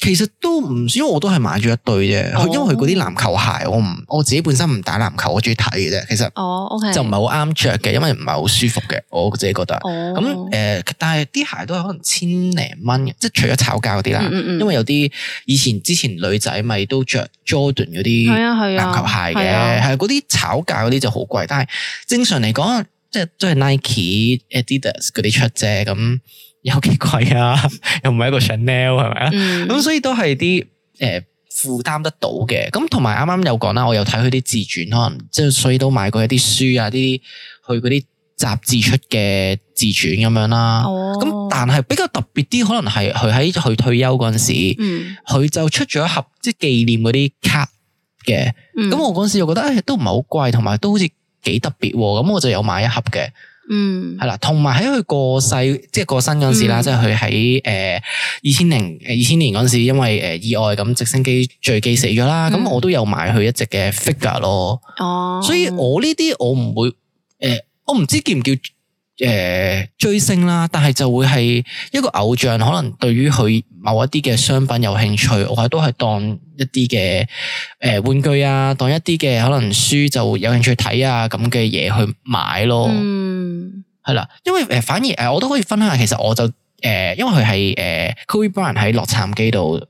其實都唔，因為我都係買咗一對啫。佢、哦，因為佢嗰啲籃球鞋，我唔，我自己本身唔打籃球，我中意睇嘅啫。其實哦，就唔係好啱着嘅，因為唔係好舒服嘅，我自己覺得。咁、誒、哦嗯、呃，但係啲鞋都係可能千零蚊嘅，即係除咗炒價嗰啲啦。嗯嗯嗯，因為有啲以前之前女仔咪都着 Jordan 嗰啲。係啊係啊，籃球鞋嘅係嗰啲炒價嗰啲就好貴，但係正常嚟講，即係都係 Nike Ad、Adidas 嗰啲出啫咁。有幾貴啊？ 又唔係一個 Chanel 係咪啊？咁、嗯、所以都係啲誒負擔得到嘅。咁同埋啱啱有講啦，我有睇佢啲自傳，可能即係所以都買過一啲書啊，啲去嗰啲雜誌出嘅自傳咁樣啦。咁、哦、但係比較特別啲，可能係佢喺佢退休嗰陣時，佢、嗯、就出咗一盒即係紀念嗰啲卡嘅。咁、嗯、我嗰陣時又覺得誒、哎、都唔係好貴，同埋都好似幾特別喎。咁我就有買一盒嘅。嗯，係啦，同埋喺佢過世，即係過身嗰時啦，即係佢喺誒二千零誒二千年嗰時，因為誒意外咁直升機墜機死咗啦，咁我都有買佢一隻嘅 figure 咯。哦，所以我呢啲我唔會誒，uh, 我唔知叫唔叫。誒、呃，追星啦，但係就會係一個偶像，可能對於佢某一啲嘅商品有興趣，我係都係當一啲嘅誒玩具啊，當一啲嘅可能書就有興趣睇啊，咁嘅嘢,去買咯。嗯，係啦，因為誒、呃、反而誒、呃、我都可以分享下，其實我就誒、呃、因為佢係誒 Kobe Bryant 喺洛杉磯度誒。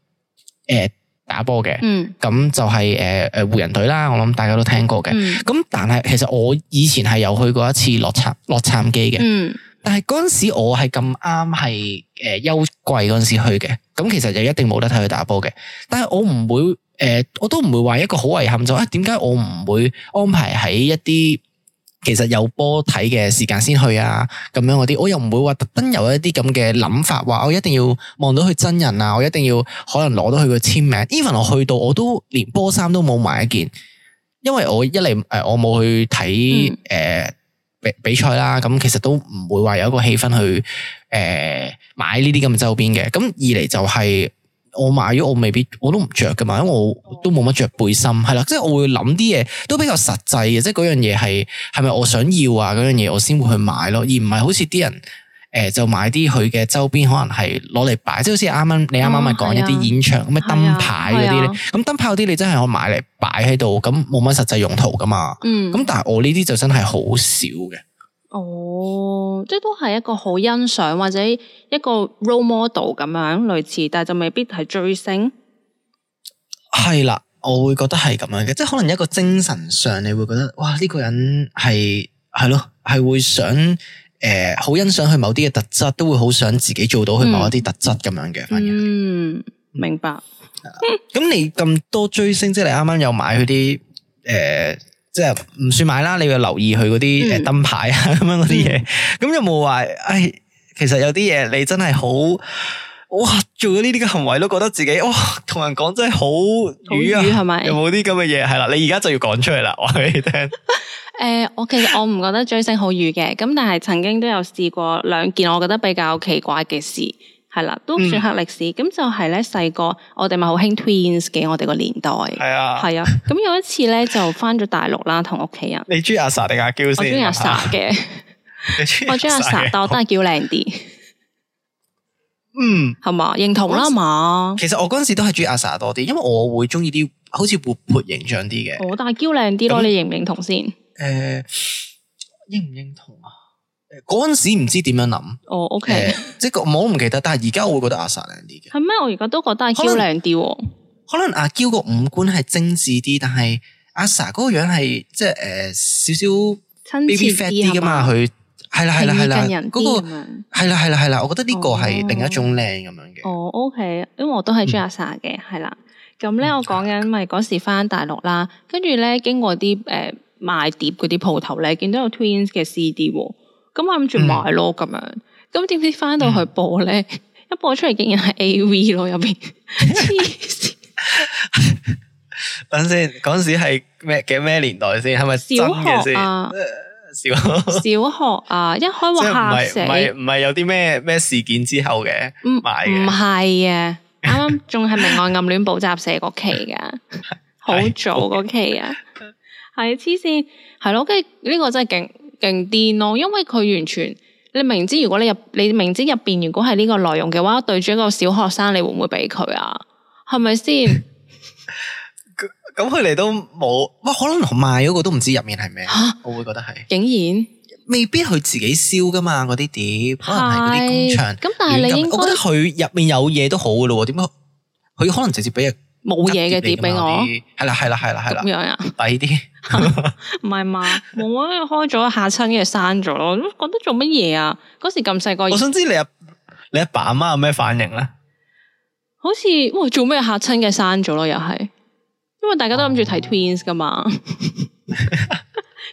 呃打波嘅，咁、嗯、就係誒誒湖人隊啦，我諗大家都聽過嘅，咁、嗯、但係其實我以前係有去過一次洛杉磯洛杉磯嘅，嗯、但係嗰陣時我係咁啱係誒休季嗰陣時去嘅，咁其實就一定冇得睇佢打波嘅，但係我唔會誒、呃，我都唔會話一個好遺憾就啊、是，點、哎、解我唔會安排喺一啲。其實有波睇嘅時間先去啊，咁樣嗰啲，我又唔會話特登有一啲咁嘅諗法，話我一定要望到佢真人啊，我一定要可能攞到佢個簽名。Even 我去到，我都連波衫都冇買一件，因為我一嚟誒我冇去睇誒、呃、比比賽啦，咁其實都唔會話有一個氣氛去誒、呃、買呢啲咁嘅周邊嘅。咁二嚟就係、是。我買咗，我未必我都唔着噶嘛，因為我都冇乜着背心，係啦，即係我會諗啲嘢都比較實際嘅，即係嗰樣嘢係係咪我想要啊？嗰樣嘢我先會去買咯，而唔係好似啲人誒、呃、就買啲佢嘅周邊，可能係攞嚟擺，即係好似啱啱你啱啱咪講一啲演唱咁嘅燈牌嗰啲咧，咁燈牌嗰啲你真係可買嚟擺喺度，咁冇乜實際用途噶嘛，嗯，咁但係我呢啲就真係好少嘅。哦，oh, 即係都係一個好欣賞或者一個 role model 咁樣類似，但係就未必係追星。係啦，我會覺得係咁樣嘅，即係可能一個精神上你會覺得，哇呢、呢個人係係咯，係會想誒好、呃、欣賞佢某啲嘅特質，都會好想自己做到佢某一啲特質咁樣嘅，嗯、反而。嗯，明白。咁、嗯、你咁多追星，即係你啱啱有買佢啲誒。呃即係唔算買啦，你要留意佢嗰啲誒燈牌啊，咁樣嗰啲嘢。咁、呃呃、 有冇話，誒，其實有啲嘢你真係好哇，做咗呢啲嘅行為都覺得自己哇，同人講真、啊、好好瘀係咪？有冇啲咁嘅嘢？係啦，你而家就要講出嚟啦，話俾你聽。誒，我其實我唔覺得追星好瘀嘅，咁 但係曾經都有試過兩件我覺得比較奇怪嘅事。係啦，都算黑歷史。咁、嗯、就係咧，細個我哋咪好興 twins 嘅，我哋個年代。係是啊，啊，係啊。咁有一次咧，就返咗大陸啦，同屋企人。你中意阿 sa 定阿嬌？先？ 我中意阿 sa 嘅。我中意阿 sa 但我都係嬌靚啲。嗯，係嘛？認同啦嘛。其實我嗰陣時都係中意阿 sa 多啲，因為我會中意啲好似活潑形象啲嘅。我、嗯、但係嬌靚啲咯，那你認唔認同先？誒，認唔認同？嗰陣時唔知點樣諗哦，OK，欸、即個我唔記得，但係而家我會覺得阿 Sa 靚啲嘅係咩？我而家都覺得阿嬌靚啲喎。可能阿嬌個五官係精緻啲，但係阿 Sa 嗰個樣係即係誒少少 baby fat 啲㗎嘛。佢係啦，係啦，係啦，嗰個係啦，係啦，係啦。我覺得呢個係另一種靚咁樣嘅。哦、oh，OK，因為我都係鍾意阿 Sa 嘅係啦。咁咧、嗯，我講緊咪嗰時返大陸啦，跟住咧經過啲誒賣碟嗰啲鋪頭咧，見到有 Twins 嘅 CD 喎。咁我諗住買咯，咁、嗯、樣，咁點知翻到去播咧，嗯、一播出嚟竟然係 AV 咯，入邊黐線。等先，嗰陣時係咩嘅咩年代先？係咪真嘅先、啊啊？小學小學啊，一開話下社，唔係唔係有啲咩咩事件之後嘅？唔係唔係啊，啱啱仲係明愛暗戀補習社嗰期噶，好 早嗰期啊，係黐線，係咯，跟住呢個真係勁。勁癲咯，因為佢完全你明知如果你入你明知入邊如果係呢個內容嘅話，對住一個小學生，你會唔會俾佢啊？係咪先？咁佢嚟都冇，哇！可能同賣嗰個都唔知入面係咩，啊、我會覺得係。竟然未必佢自己燒噶嘛，嗰啲碟可能係嗰啲工場。咁但係你，我覺得佢入面有嘢都好噶咯，點解佢可能直接俾人？冇嘢嘅碟俾我，係啦係啦係啦係啦，咁樣啊，抵啲，唔係嘛，冇啊，開咗嚇親嘅刪咗咯，我覺得做乜嘢啊？嗰時咁細個，我想知你阿你阿爸阿媽有咩反應咧？好似哇，做咩嚇親嘅刪咗咯？又係，因為大家都諗住睇 Twins 噶嘛，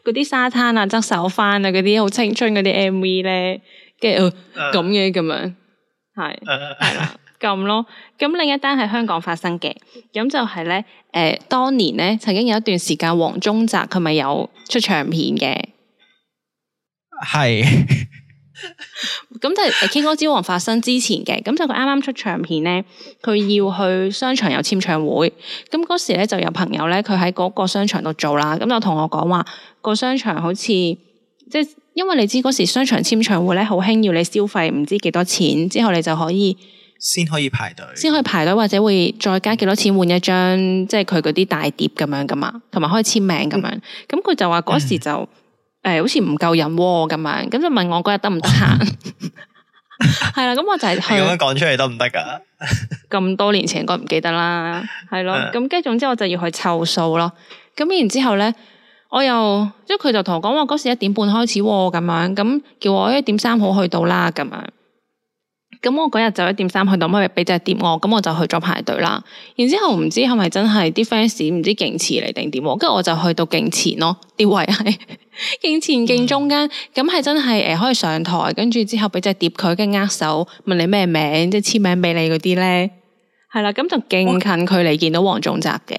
嗰啲 沙灘啊、執手翻啊、嗰啲好青春嗰啲 MV 咧，跟住咁嘅咁樣，係係啦。Uh, uh, 咁咯，咁另一單喺香港發生嘅，咁就係咧，誒、呃，當年咧曾經有一段時間，黃宗澤佢咪有出唱片嘅，係，咁就係《K 歌之王》發生之前嘅，咁就佢啱啱出唱片咧，佢要去商場有簽唱會，咁嗰時咧就有朋友咧，佢喺嗰個商場度做啦，咁就同我講話，個商場好似即係，因為你知嗰時商場簽唱會咧好興，要你消費唔知幾多錢，之後你就可以。先可以排隊，先可以排隊，或者會再加幾多錢換一張，嗯、即係佢嗰啲大碟咁樣噶嘛，同埋可以簽名咁樣。咁佢就話嗰、嗯、時就誒、欸，好似唔夠人咁、啊、樣，咁就問我嗰日得唔得閒？係啦哇，咁我就係咁樣講出嚟得唔得噶？咁 多年前應該唔記得啦，係咯。咁跟住，總之我就要去湊數咯。咁然之後咧，我又即係佢就同我講話嗰時一點半開始喎，咁樣咁叫我一點三好去到啦，咁樣。咁我嗰日就一點三去到，乜俾隻碟我，咁我就去咗排隊啦。然之後唔知係咪真係啲 fans 唔知勁遲嚟定點，跟住我就去到勁前咯，啲位係勁前勁中間。咁係、嗯、真係誒可以上台，跟住之後俾隻碟佢跟握手，問你咩名，即係簽名俾你嗰啲咧，係啦。咁就勁近距離見到黃宗澤嘅，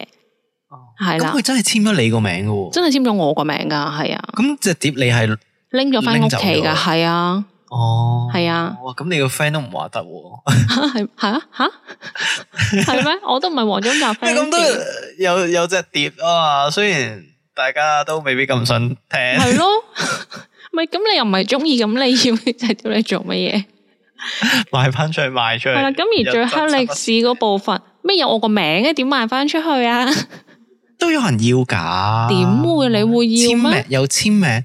係啦。佢、哦、真係簽咗你個名喎，真係簽咗我個名噶，係啊。咁隻碟你係拎咗翻屋企噶，係啊。哦，係啊，哇、哦，咁你個 friend 都唔話得喎，係係 啊，吓、啊，係咩？我都唔係黃宗澤 f r i 咁多、啊、有有隻碟啊嘛，雖然大家都未必咁想聽，係咯、嗯，咪咁、 嗯、你又唔係中意咁，你要係叫 你做乜嘢？賣翻出去賣出去，係啦、 啊。咁而最黑歷史嗰部分，咩 有我個名啊？點賣翻出去啊？都有人要噶，點 會你會要？咩？有簽名，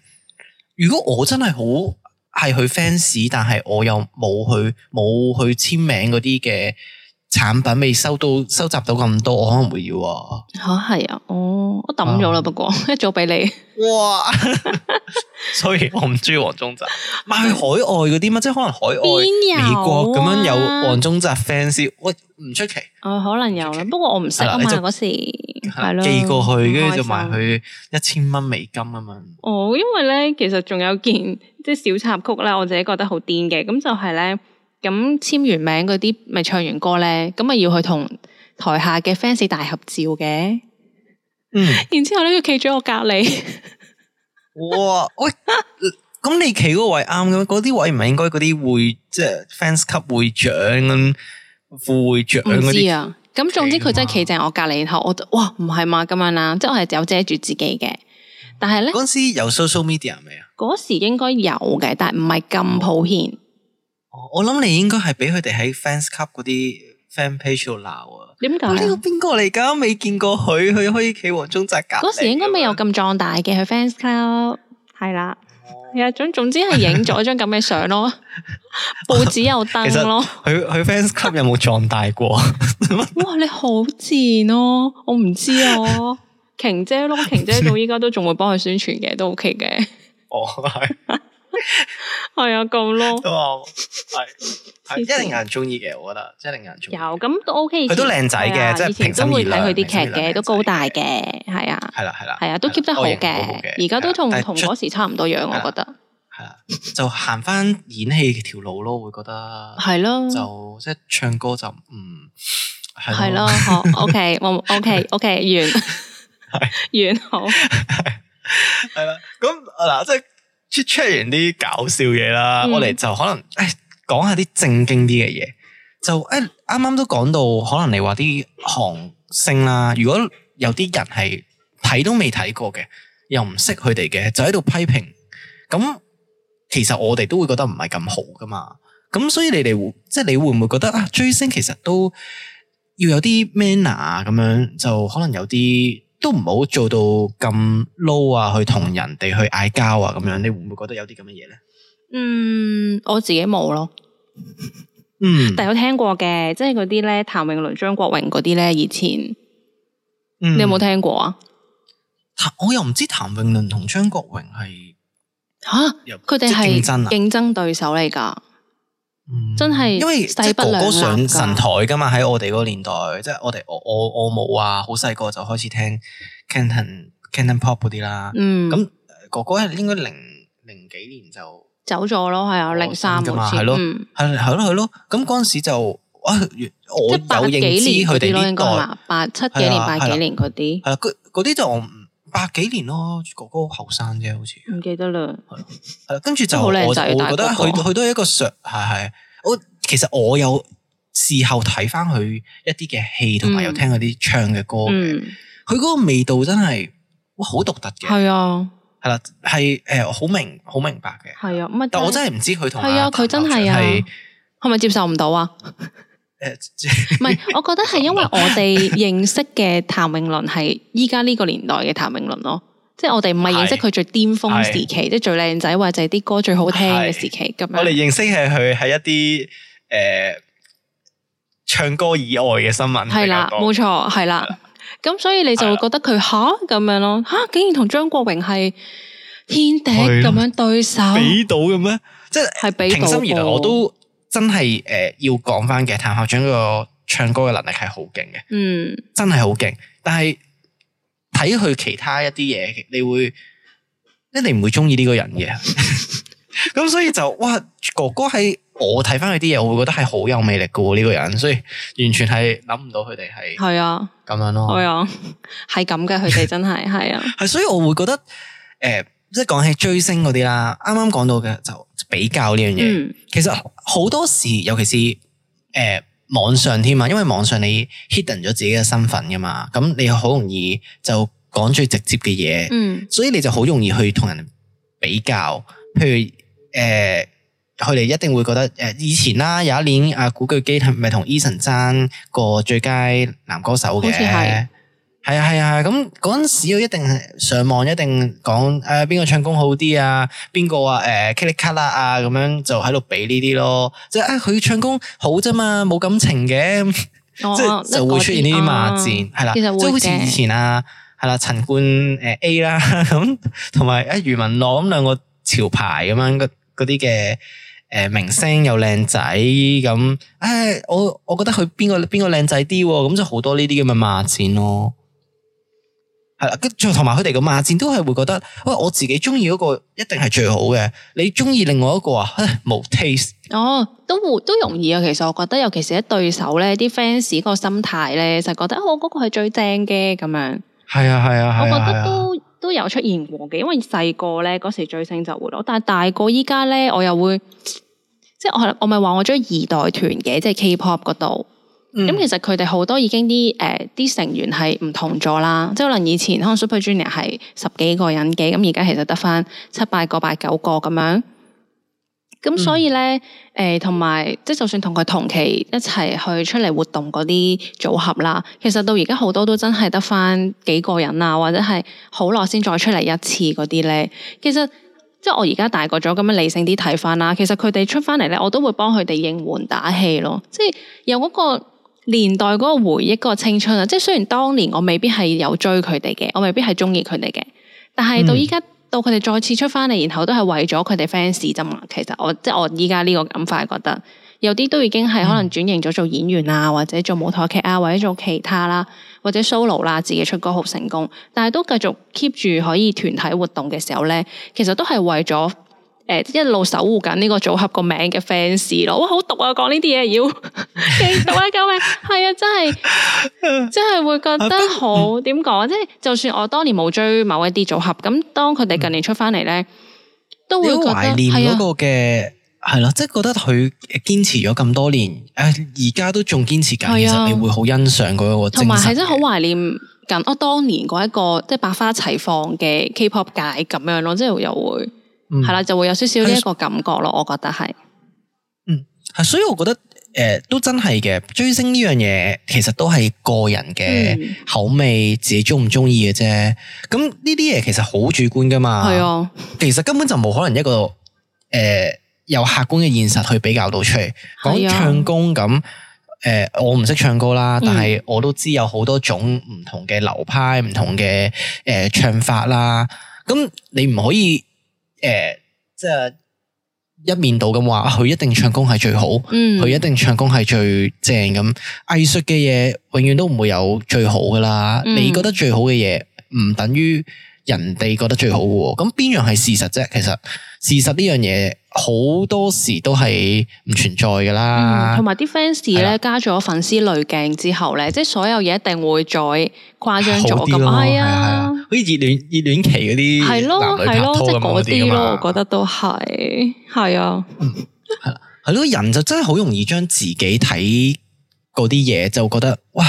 如果我真係好。係佢 fans，但係我又冇去冇去簽名嗰啲嘅。產品未收到，收集到咁多，我可能會要。吓係啊，哦，我抌咗啦，不過一早俾你。哇！所以我唔中意黃宗澤。買去海外嗰啲嘛，即係可能海外美國咁樣有黃宗澤 fans，喂唔出奇。哦，可能有啦，不過我唔識啊嘛嗰時。係咯。寄過去，跟住就賣去一千蚊美金啊嘛。哦，因為咧，其實仲有件即係小插曲咧，我自己覺得好癲嘅，咁就係咧。咁簽完名嗰啲，咪唱完歌咧，咁咪要去同台下嘅 fans 大合照嘅。嗯，然之後咧，佢企咗我隔籬。哇，喂，咁 你企嗰位啱嘅咩？嗰啲位唔係應該嗰啲會即係、就是、fans 級會長、副會長嗰啲啊？知啊。咁總之佢真係企正我隔籬，然後我就哇唔係嘛咁樣啦，即係我係有遮住自己嘅。但係咧，嗰時有 social media 未啊？嗰時應該有嘅，但係唔係咁普遍。我諗你應該係俾佢哋喺 fans club 嗰啲 fan page 度鬧啊？點解？呢個邊個嚟噶？未見過佢，佢可以企黃宗澤噶？嗰時應該未有咁壯大嘅，佢 fans club 係啦。總總之係影咗張咁嘅相咯，報紙又登咯。佢佢 fans club 有冇壯大過？ 哇！你好賤咯，啊，我唔知啊。瓊 姐咯，瓊姐到依家都仲會幫佢宣傳嘅，都 OK 嘅。哦，係。 係啊，咁咯，係，一定有人中意嘅，我覺得，即係令人中意。有咁都 OK，佢都靚仔嘅，即係以前都會睇佢啲劇嘅，都高大嘅，係啊，係啦，係啦，係啊，都 keep 得好嘅，而家都仲同嗰時差唔多樣，我覺得。係啊，就行翻演戲嘅條路咯，會覺得係咯，就即係唱歌就唔係咯，好 OK，我 OK，OK 完，完好，係啦，咁嗱即係。出完啲搞笑嘢啦，嗯、我哋就可能誒講下啲正經啲嘅嘢。就誒啱啱都講到，可能你話啲韓星啦、啊，如果有啲人係睇都未睇過嘅，又唔識佢哋嘅，就喺度批評，咁其實我哋都會覺得唔係咁好噶嘛。咁所以你哋即係你會唔會覺得啊追星其實都要有啲 manner 啊咁樣，就可能有啲。都唔好做到咁 low 啊！去同人哋去嗌交啊！咁樣你會唔會覺得有啲咁嘅嘢咧？嗯，我自己冇咯。嗯，但有聽過嘅，即係嗰啲咧，譚詠麟、張國榮嗰啲咧，以前，有有嗯，你有冇聽過啊？譚我又唔知譚詠麟同張國榮係吓，佢哋係競爭對手嚟噶。真係、嗯，因為即哥哥上神台㗎嘛，喺我哋嗰個年代，即係我哋我我我冇啊，好細個就開始聽 Canton Canton Pop 嗰啲啦。嗯，咁哥哥應該零零幾年就走咗咯，係啊，零三好似係咯，係係咯，係咯，咁嗰陣時就啊，我有認知佢哋呢個八七幾年、啊、八幾年嗰啲係啊，嗰啲就。百幾年咯，哥哥好後生啫，好似唔記得啦。係，係跟住就好靚仔，我，我覺得佢佢都係一個尚係係。我其實我有事後睇翻佢一啲嘅戲，同埋又聽佢啲唱嘅歌，佢嗰個味道真係哇，好獨特嘅。係啊，係啦，係誒，好明好明白嘅。係啊，但我真係唔知佢同係啊，佢真係啊，係咪接受唔到啊？誒，唔係， 我覺得係因為我哋認識嘅譚詠麟係依家呢個年代嘅譚詠麟咯，即係我哋唔係認識佢最巔峰時期，對即係最靚仔或者啲歌最好聽嘅時期咁對樣。我哋認識係佢喺一啲誒、呃、唱歌以外嘅新聞係啦，冇錯係啦。咁啦所以你就會覺得佢吓咁樣咯，吓竟然同張國榮係天敵咁樣對手，俾到嘅咩？即係平心而論我都。真係誒、呃，要講翻嘅譚校長個唱歌嘅能力係好勁嘅，嗯，真係好勁。但係睇佢其他一啲嘢，你會，即係你唔會中意呢個人嘅。咁 所以就哇，哥哥喺我睇翻佢啲嘢，我會覺得係好有魅力噶喎呢個人，所以完全係諗唔到佢哋係係啊，咁樣咯，係 是啊，係咁嘅，佢哋真係係啊，係，所以我會覺得誒。呃即係講起追星嗰啲啦，啱啱講到嘅就比較呢樣嘢。嗯、其實好多時，尤其是誒、呃、網上添啊，因為網上你 hidden 咗自己嘅身份噶嘛，咁你好容易就講最直接嘅嘢。嗯，所以你就好容易去同人比較。譬如誒，佢、呃、哋一定會覺得誒、呃、以前啦，有一年阿、啊、古巨基係咪同 Eason 爭過最佳男歌手嘅？係啊係啊，咁嗰陣時我一定係上網，一定講誒邊個唱功好啲啊，邊個啊誒 Kelly c u t 啊，咁樣就喺度比呢啲咯，即係佢、啊、唱功好啫嘛，冇感情嘅，哦、 即係就會出現呢啲罵戰，係啦、哦，即係好似以前啊，係啦陳冠誒 A 啦、啊，咁同埋阿余文樂咁兩個潮牌咁樣嗰啲嘅誒明星又靚仔咁，誒、哎、我我覺得佢邊個邊個靚仔啲，咁就好多呢啲咁嘅罵戰咯。係啦，同埋佢哋嘅罵戰都係會覺得，喂，我自己中意嗰個一定係最好嘅。你中意另外一個啊，冇 taste。哦，都會都容易啊。其實我覺得，尤其是喺對手咧，啲 fans 個心態咧，就覺得我嗰、哎嗰個係最正嘅咁樣。係啊，係啊，係啊。我覺得都都有出現過嘅，因為細個咧嗰時追星就回來，但係大個依家咧，我又會，即係我我咪話我中意二代團嘅，即係 K-pop 嗰度。咁、嗯、其實佢哋好多已經啲誒啲成員係唔同咗啦，即係可能以前可能 Super Junior 係十幾個人嘅，咁而家其實得翻七八個八九個咁樣。咁、嗯、所以咧誒，同、呃、埋即係就算同佢同期一齊去出嚟活動嗰啲組合啦，其實到而家好多都真係得翻幾個人啊，或者係好耐先再出嚟一次嗰啲咧。其實即係我而家大個咗咁樣理性啲睇翻啦，其實佢哋出翻嚟咧，我都會幫佢哋應援打氣咯，即係有嗰個。年代嗰個回憶，嗰、嗰個青春啊，即係雖然當年我未必係有追佢哋嘅，我未必係中意佢哋嘅，但係到依家、嗯、到佢哋再次出翻嚟，然後都係為咗佢哋 fans 啫嘛。其實我即係我依家呢個咁快覺得有啲都已經係可能轉型咗做演員啊，或者做舞台劇啊，或者做其他啦，或者 solo 啦、啊，自己出歌好成功，但係都繼續 keep 住可以團體活動嘅時候咧，其實都係為咗。誒、嗯，一路守護緊呢個組合個名嘅 fans 咯，哇，好毒啊！講呢啲嘢要，有毒啊！救命，係啊，真係，真係會覺得好點講，即係 就算我當年冇追某一啲組合，咁當佢哋近年出翻嚟咧，都、嗯、會懷念嗰個嘅係啦，即係覺得佢堅持咗咁多年，誒，而家都仲堅持緊，其實你會好欣賞佢個精神，同埋係真好懷念緊我當年嗰一個即係百花齊放嘅 K-pop 界咁樣咯，即係又會。係啦， 就會有少少呢一個感覺咯， 我覺得係。嗯， 係，所以我覺得，誒、呃，都真係嘅追星呢樣嘢，其實都係個人嘅口味，嗯、自己中唔中意嘅啫。咁呢啲嘢其實好主觀噶嘛。係啊，其實根本就冇可能一個誒、呃、有客觀嘅現實去比較到出嚟。講唱功咁，誒、呃，我唔識唱歌啦，但係我都知有好多種唔同嘅流派、唔同嘅誒、呃、唱法啦。咁、啊、你唔可以。誒、呃，即係一面到咁話，佢一定唱功係最好，佢、嗯、一定唱功係最正咁。藝術嘅嘢永遠都唔會有最好噶啦，嗯、你覺得最好嘅嘢唔等於，人哋覺得最好喎，啊，咁邊樣係事實啫？其實事實呢樣嘢好多時都係唔存在噶啦，嗯。同埋啲 fans 咧加咗粉絲濾係啊鏡之後咧，即係所有嘢一定會再誇張咗咁係啊！好似熱戀熱戀期嗰啲男女拍拖即嗰啲咯，咯我覺得都係係啊，係啦，嗯，係咯，人就真係好容易將自己睇嗰啲嘢就覺得哇！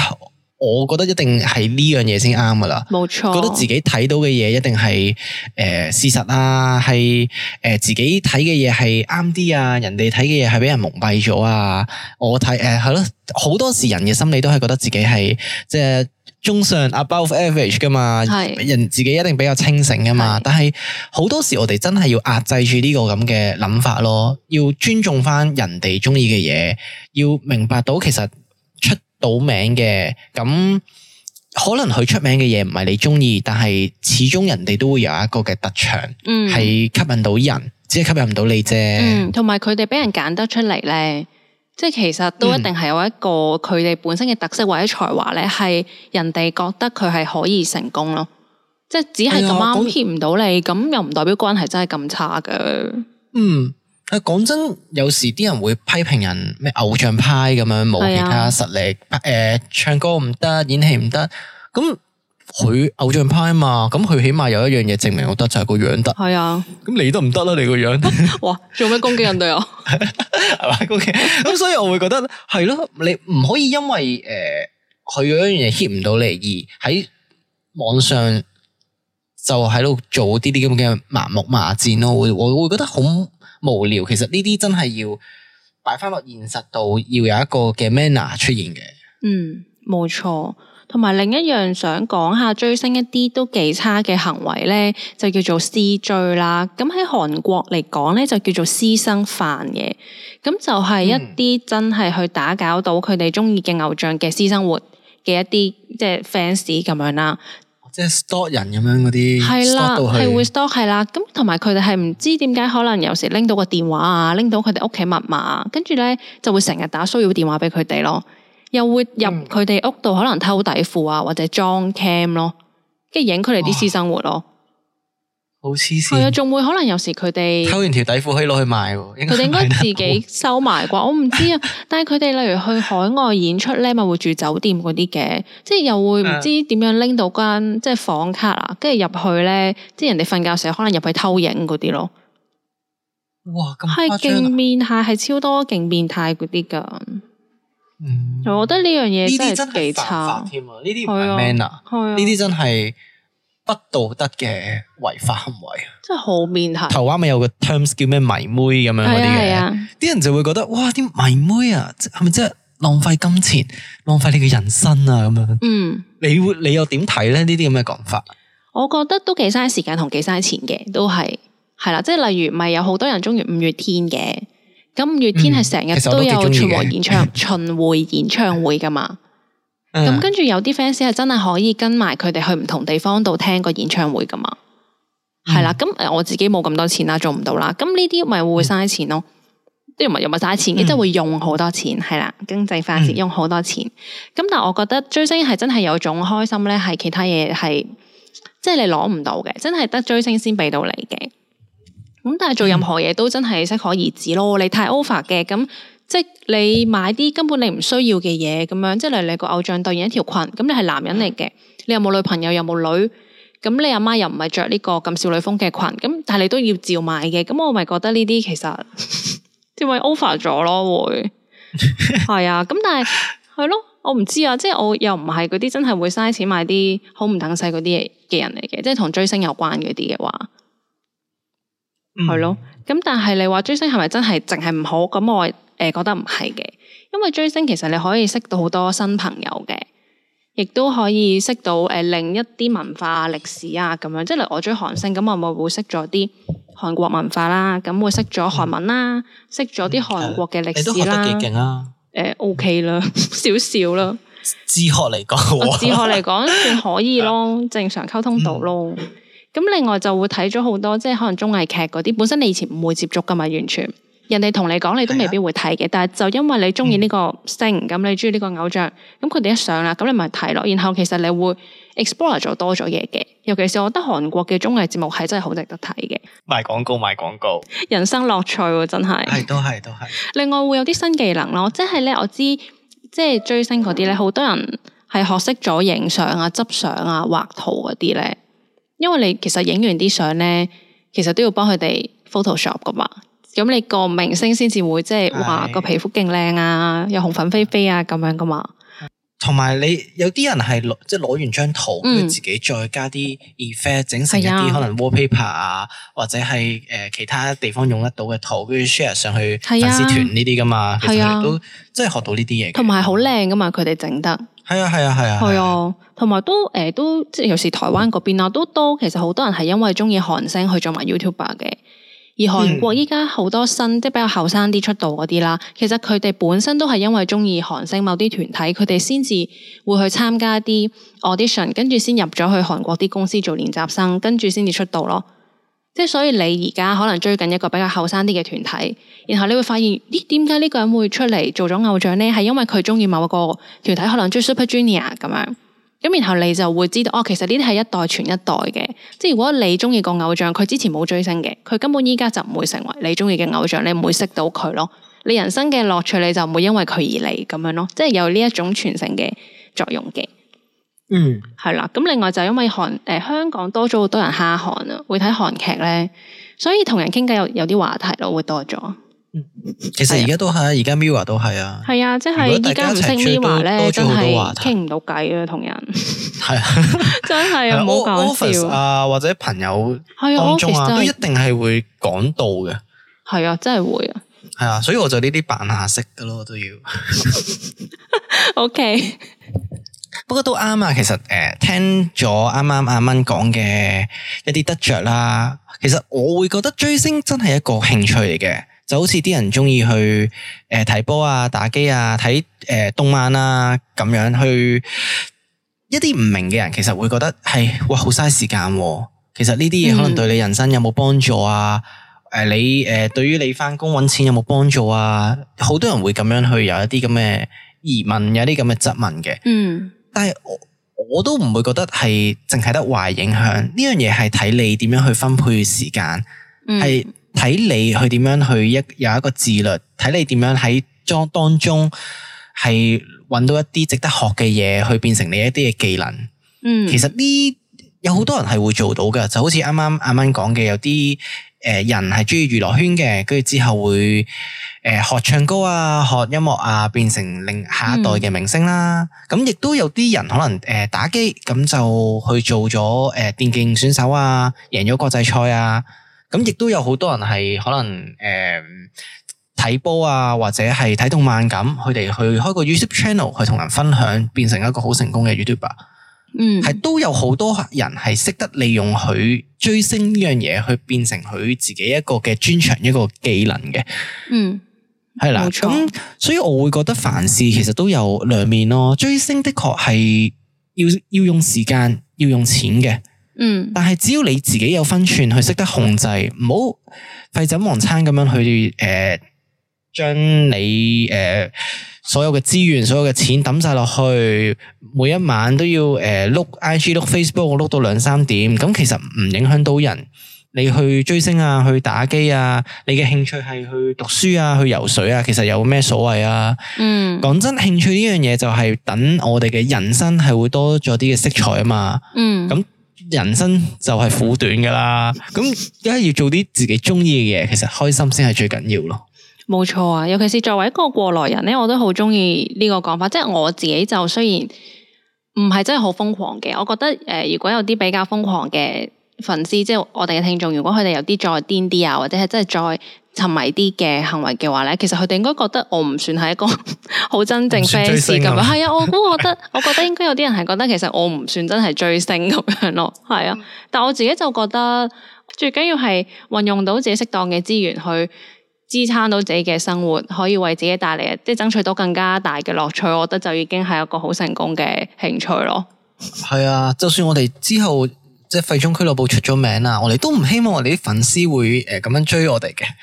我覺得一定係呢樣嘢先啱噶啦，冇錯，覺得自己睇到嘅嘢一定係誒、呃、事實啊，係誒、呃、自己睇嘅嘢係啱啲啊，人哋睇嘅嘢係俾人蒙蔽咗啊。我睇誒係咯，好、呃、多時人嘅心理都係覺得自己係即係中上 above average 噶嘛，是人自己一定比較清醒噶嘛。是但係好多時我哋真係要壓制住呢個咁嘅諗法咯，要尊重翻人哋中意嘅嘢，要明白到其實。到名嘅，咁可能佢出名嘅嘢唔係你中意，但係始終人哋都會有一個嘅特長，係、嗯、吸引到人，只係吸引唔到你啫。嗯，同埋佢哋俾人揀得出嚟咧，即係其實都一定係有一個佢哋本身嘅特色或者才華咧，係人哋覺得佢係可以成功咯。即係只係咁啱牽唔到你，咁又唔代表關係真係咁差嘅。嗯。啊，講真，有時啲人會批評人咩偶像派咁樣冇其他實力，誒、啊呃，唱歌唔得，演戲唔得，咁佢偶像派嘛，咁佢起碼有一樣嘢證明我得就係、是、個樣得。係啊，咁你都唔得啦，你個樣得、啊，哇，做咩攻擊人哋啊？係咪 攻擊，咁、嗯、所以我會覺得係咯， 你唔可以因為誒佢有一樣嘢 hit 唔到你，而喺網上就喺度做啲啲咁嘅盲目罵戰咯，我會我會覺得好。無聊，其實呢啲真係要擺翻落現實度，要有一個嘅 manner 出現嘅。嗯，冇錯。同埋另一樣想講下，追星一啲都幾差嘅行為咧，就叫做私追啦。咁喺韓國嚟講咧，就叫做私生飯嘅。咁就係一啲真係去打攪到佢哋中意嘅偶像嘅私生活嘅一啲即係 fans 咁樣啦。即係 stalk 人咁樣嗰啲，係啦，係會 stalk 係啦。咁同埋佢哋係唔知點解，可能有時拎到個電話啊，拎到佢哋屋企密碼，跟住咧就會成日打騷擾電話俾佢哋咯。又會入佢哋屋度可能偷底褲啊，或者裝 cam 咯，跟住影佢哋啲私生活咯。哦。好黐線，係啊，仲會可能有時佢哋偷完條底褲可以攞去賣喎。佢哋應該自己收埋啩，我唔知啊。 但係佢哋例如去海外演出咧，咪會住酒店嗰啲嘅，即係又會唔知點樣拎到間即係房卡啊，跟住入去咧，即係人哋瞓覺時可能入去偷影嗰啲咯。哇！咁係勁變態係超多勁變態嗰啲噶。嗯，我覺得呢樣嘢真係幾差。呢啲係啊，呢啲真係。不道德嘅違法行為，真係好變態。台灣咪有個 terms 叫咩迷妹咁樣嗰啲嘢，啲人就會覺得哇啲迷妹啊，係咪真係浪費金錢、浪費你嘅人生啊咁樣？嗯，你會你又點睇咧呢啲咁嘅講法？我覺得都幾嘥時間同幾嘥錢嘅，都係係啦。即係例如咪有好多人中意五月天嘅，咁五月天係成日都有巡迴演唱巡迴演唱會噶嘛。 咁、嗯、跟住有啲 fans 係真係可以跟埋佢哋去唔同地方度聽個演唱會噶嘛，係啦。咁、嗯嗯、我自己冇咁多錢啦、啊，做唔到啦。咁呢啲咪會嘥錢咯，即係唔係又咪嘥錢，即係、嗯、會用好多錢，係啦，經濟發展用好多錢。咁、嗯、但係我覺得追星係真係有種開心咧，係其他嘢係，即係你攞唔到嘅，真係得追星先俾到你嘅。咁但係做任何嘢都真係適可而止咯，你太 over 嘅咁。嗯即係你買啲根本你唔需要嘅嘢咁樣，即係例如你個偶像代言一條裙，咁你係男人嚟嘅，你又冇女朋友又冇女，咁你阿媽又唔係着呢個咁少女風嘅裙，咁但係你都要照買嘅，咁我咪覺得呢啲其實即咪 over 咗咯會，係 啊，咁但係係咯，我唔知啊，即係我又唔係嗰啲真係會嘥錢買啲好唔等使嗰啲嘅人嚟嘅，即係同追星有關嗰啲嘅話，係、嗯、咯，咁但係你話追星係咪真係淨係唔好？咁我。誒覺得唔係嘅，因為追星其實你可以識到好多新朋友嘅，亦都可以識到誒另一啲文化、歷史啊咁樣。即係例如我追韓星，咁我咪會識咗啲韓國文化啦，咁會識咗韓文啦，嗯、識咗啲韓國嘅歷史啦、嗯嗯。你都學得幾勁啊？誒、欸、OK 啦，少少啦。 小小了自學嚟講，自學嚟講算可以咯， 正常溝通到咯。咁、嗯、另外就會睇咗好多，即係可能綜藝劇嗰啲，本身你以前唔會接觸噶嘛，完全。人哋同你講，你都未必會睇嘅。是啊、但係就因為你中意呢個星，咁、嗯、你中意呢個偶像，咁佢哋一上啦，咁你咪睇咯。然後其實你會 explore 咗多咗嘢嘅。尤其是我覺得韓國嘅綜藝節目係真係好值得睇嘅。賣廣告，賣廣告。人生樂趣喎，啊，真係。係都係都係。另外會有啲新技能咯，即係咧我知，即係追星嗰啲咧，好多人係學識咗影相啊、執相啊、畫圖嗰啲咧。因為你其實影完啲相咧，其實都要幫佢哋 Photoshop 㗎嘛。咁你個明星先至會即係話個皮膚勁靚啊，有紅粉飛飛啊咁樣噶嘛？同埋你有啲人係攞即係攞完張圖，佢自己再加啲 effect，整成一啲可能 wallpaper 啊，或者係誒其他地方用得到嘅圖，跟住 share 上去粉絲團呢啲噶嘛？佢哋都即係學到呢啲嘢，同埋好靚噶嘛，佢哋整得。係啊係啊係啊！係啊，同埋都誒都即係有時台灣嗰邊啊，都多。其實好多人係因為鍾意韓星去做埋 YouTuber 嘅。而韓國而家好多新即比較後生啲出道嗰啲啦，其實佢哋本身都係因為中意韓星某啲團體，佢哋先至會去參加啲 audition，跟住先入咗去韓國啲公司做練習生，跟住先至出道咯。即係所以你而家可能追緊一個比較後生啲嘅團體，然後你會發現，咦點解呢個人會出嚟做咗偶像咧？係因為佢中意某一個團體，可能追 Super Junior 咁樣。咁然後你就會知道哦，其實呢啲係一代傳一代嘅，即係如果你中意個偶像，佢之前冇追星嘅，佢根本依家就唔會成為你中意嘅偶像，你唔會識到佢咯。你人生嘅樂趣你就唔會因為佢而嚟咁樣咯，即係有呢一種傳承嘅作用嘅。嗯，係啦。咁另外就因為韓誒、呃、香港多咗好多人哈韓啊，會睇韓劇咧，所以同人傾偈有有啲話題咯，會多咗。其實而家都係，而家 MIRROR 啊都係啊，係啊，即係而家追 MIRROR 咧，真係傾唔到偈啊，同人係啊，真係啊，冇講笑啊，或者朋友當中啊，都一定係會講到嘅，係啊，真係會啊，係啊，所以我就呢啲扮下式噶咯，都要 OK。不過都啱啊，其實誒，聽咗啱啱阿蚊講嘅一啲得着啦，其實我會覺得追星真係一個興趣嚟嘅。就好似啲人中意去誒睇波啊、打機啊、睇誒、呃、動漫啊，咁樣去，一啲唔明嘅人其實會覺得係哇好嘥時間啊。其實呢啲嘢，可能對你人生有冇幫助啊？誒、嗯呃，你誒、呃、對於你翻工搵錢有冇幫助啊？好多人會咁樣去有一啲咁嘅疑問，有啲咁嘅質問嘅。嗯，但，但係我我都唔會覺得係淨係得壞影響。呢樣嘢係睇你點樣去分配時間，係、嗯。睇你去點樣去一有一個自律，睇你點樣喺裝當中係搵到一啲值得學嘅嘢，去變成你一啲嘅技能。嗯，其實呢有好多人係會做到㗎，就好似啱啱啱啱講嘅，有啲誒人係中意娛樂圈嘅，跟住之後會誒學唱歌啊，學音樂啊，變成令下一代嘅明星啦。咁亦都有啲人可能誒打機，咁就去做咗誒電競選手啊，贏咗國際賽啊。咁亦都有好多人係可能誒睇波啊，或者係睇動漫咁，佢哋去開個 YouTube channel 去同人分享，變成一個好成功嘅 YouTuber。嗯，係都有好多人係識得利用佢追星呢樣嘢去變成佢自己一個嘅專長，一個技能嘅。嗯，係啦，冇錯，咁所以我會覺得凡事其實都有兩面咯。追星的確係要要用時間，要用錢嘅。嗯，但係只要你自己有分寸，去識得控制，唔好廢寢忘餐咁樣去誒，將、呃、你誒、呃、所有嘅資源、所有嘅錢抌晒落去，每一晚都要誒 look IG、look Facebook，我 look 到兩三點，咁其實唔影響到人。你去追星啊，去打機啊，你嘅興趣係去讀書啊，去游水啊，其實有咩所謂啊？嗯，講真，興趣呢樣嘢就係等我哋嘅人生係會多咗啲嘅色彩啊嘛。嗯，咁。人生就係苦短噶啦，咁而家要做啲自己中意嘅嘢，其實開心先係最緊要咯。冇錯啊，尤其是作為一個過來人咧，我都好中意呢個講法。即係我自己就雖然唔係真係好瘋狂嘅，我覺得誒，如果有啲比較瘋狂嘅粉絲，即係我哋嘅聽眾，如果佢哋有啲再癲啲啊，或者係真係再。沉迷啲嘅行為嘅話咧，其實佢哋應該覺得我唔算係一個好 真正 fans 咁樣。係 啊，我估覺得，我覺得應該有啲人係覺得，其實我唔算真係追星咁樣咯，啊。係啊，但係我自己就覺得，最緊要係運用到自己適當嘅資源去支撐到自己嘅生活，可以為自己帶嚟，即係爭取到更加大嘅樂趣。我覺得就已經係一個好成功嘅興趣咯。係啊，就算我哋之後。即係廢中俱樂部出咗名啦，我哋都唔希望我哋啲粉絲會誒咁樣追我哋嘅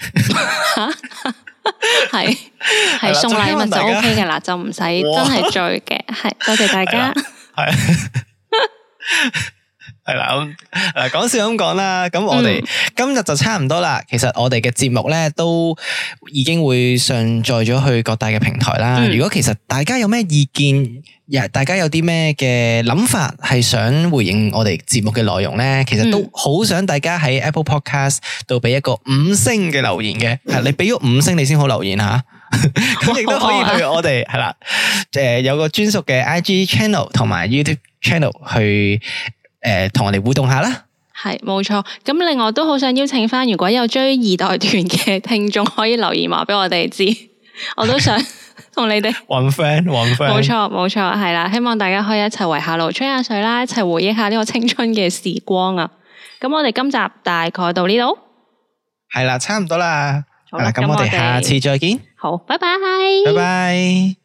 係係送禮物就 OK 嘅啦，就唔使真係追嘅，係多哇 謝，謝大家，係係啦，嗱講笑咁講啦，咁我哋今日就差唔多啦，其實我哋嘅節目咧都已經會上載咗去各大嘅平台啦。如果其實大家有咩意見？Yeah，大家有啲咩嘅諗法係想回應我哋節目嘅內容呢？其實都好想大家喺 Apple Podcast 度俾一個五星嘅留言嘅。係、嗯啊、你俾咗五星你先好留言吓、啊。咁亦都可以去我哋係、哦啊、啦，誒有個專屬嘅 IG Channel 同埋 YouTube Channel 去誒同、呃、我哋互動下啦。係冇錯，咁另外都好想邀請翻，如果有追二代團嘅聽眾可以留言話俾我哋知，我都想是。 同你哋玩 friend 玩 friend，冇錯冇錯係啦，希望大家可以一齊圍下爐吹下水啦，一齊回憶下呢個青春嘅時光啊！咁我哋今集大概到呢度，係啦，差唔多啦，嗱吧，咁我哋下次再見，好，拜拜，拜拜。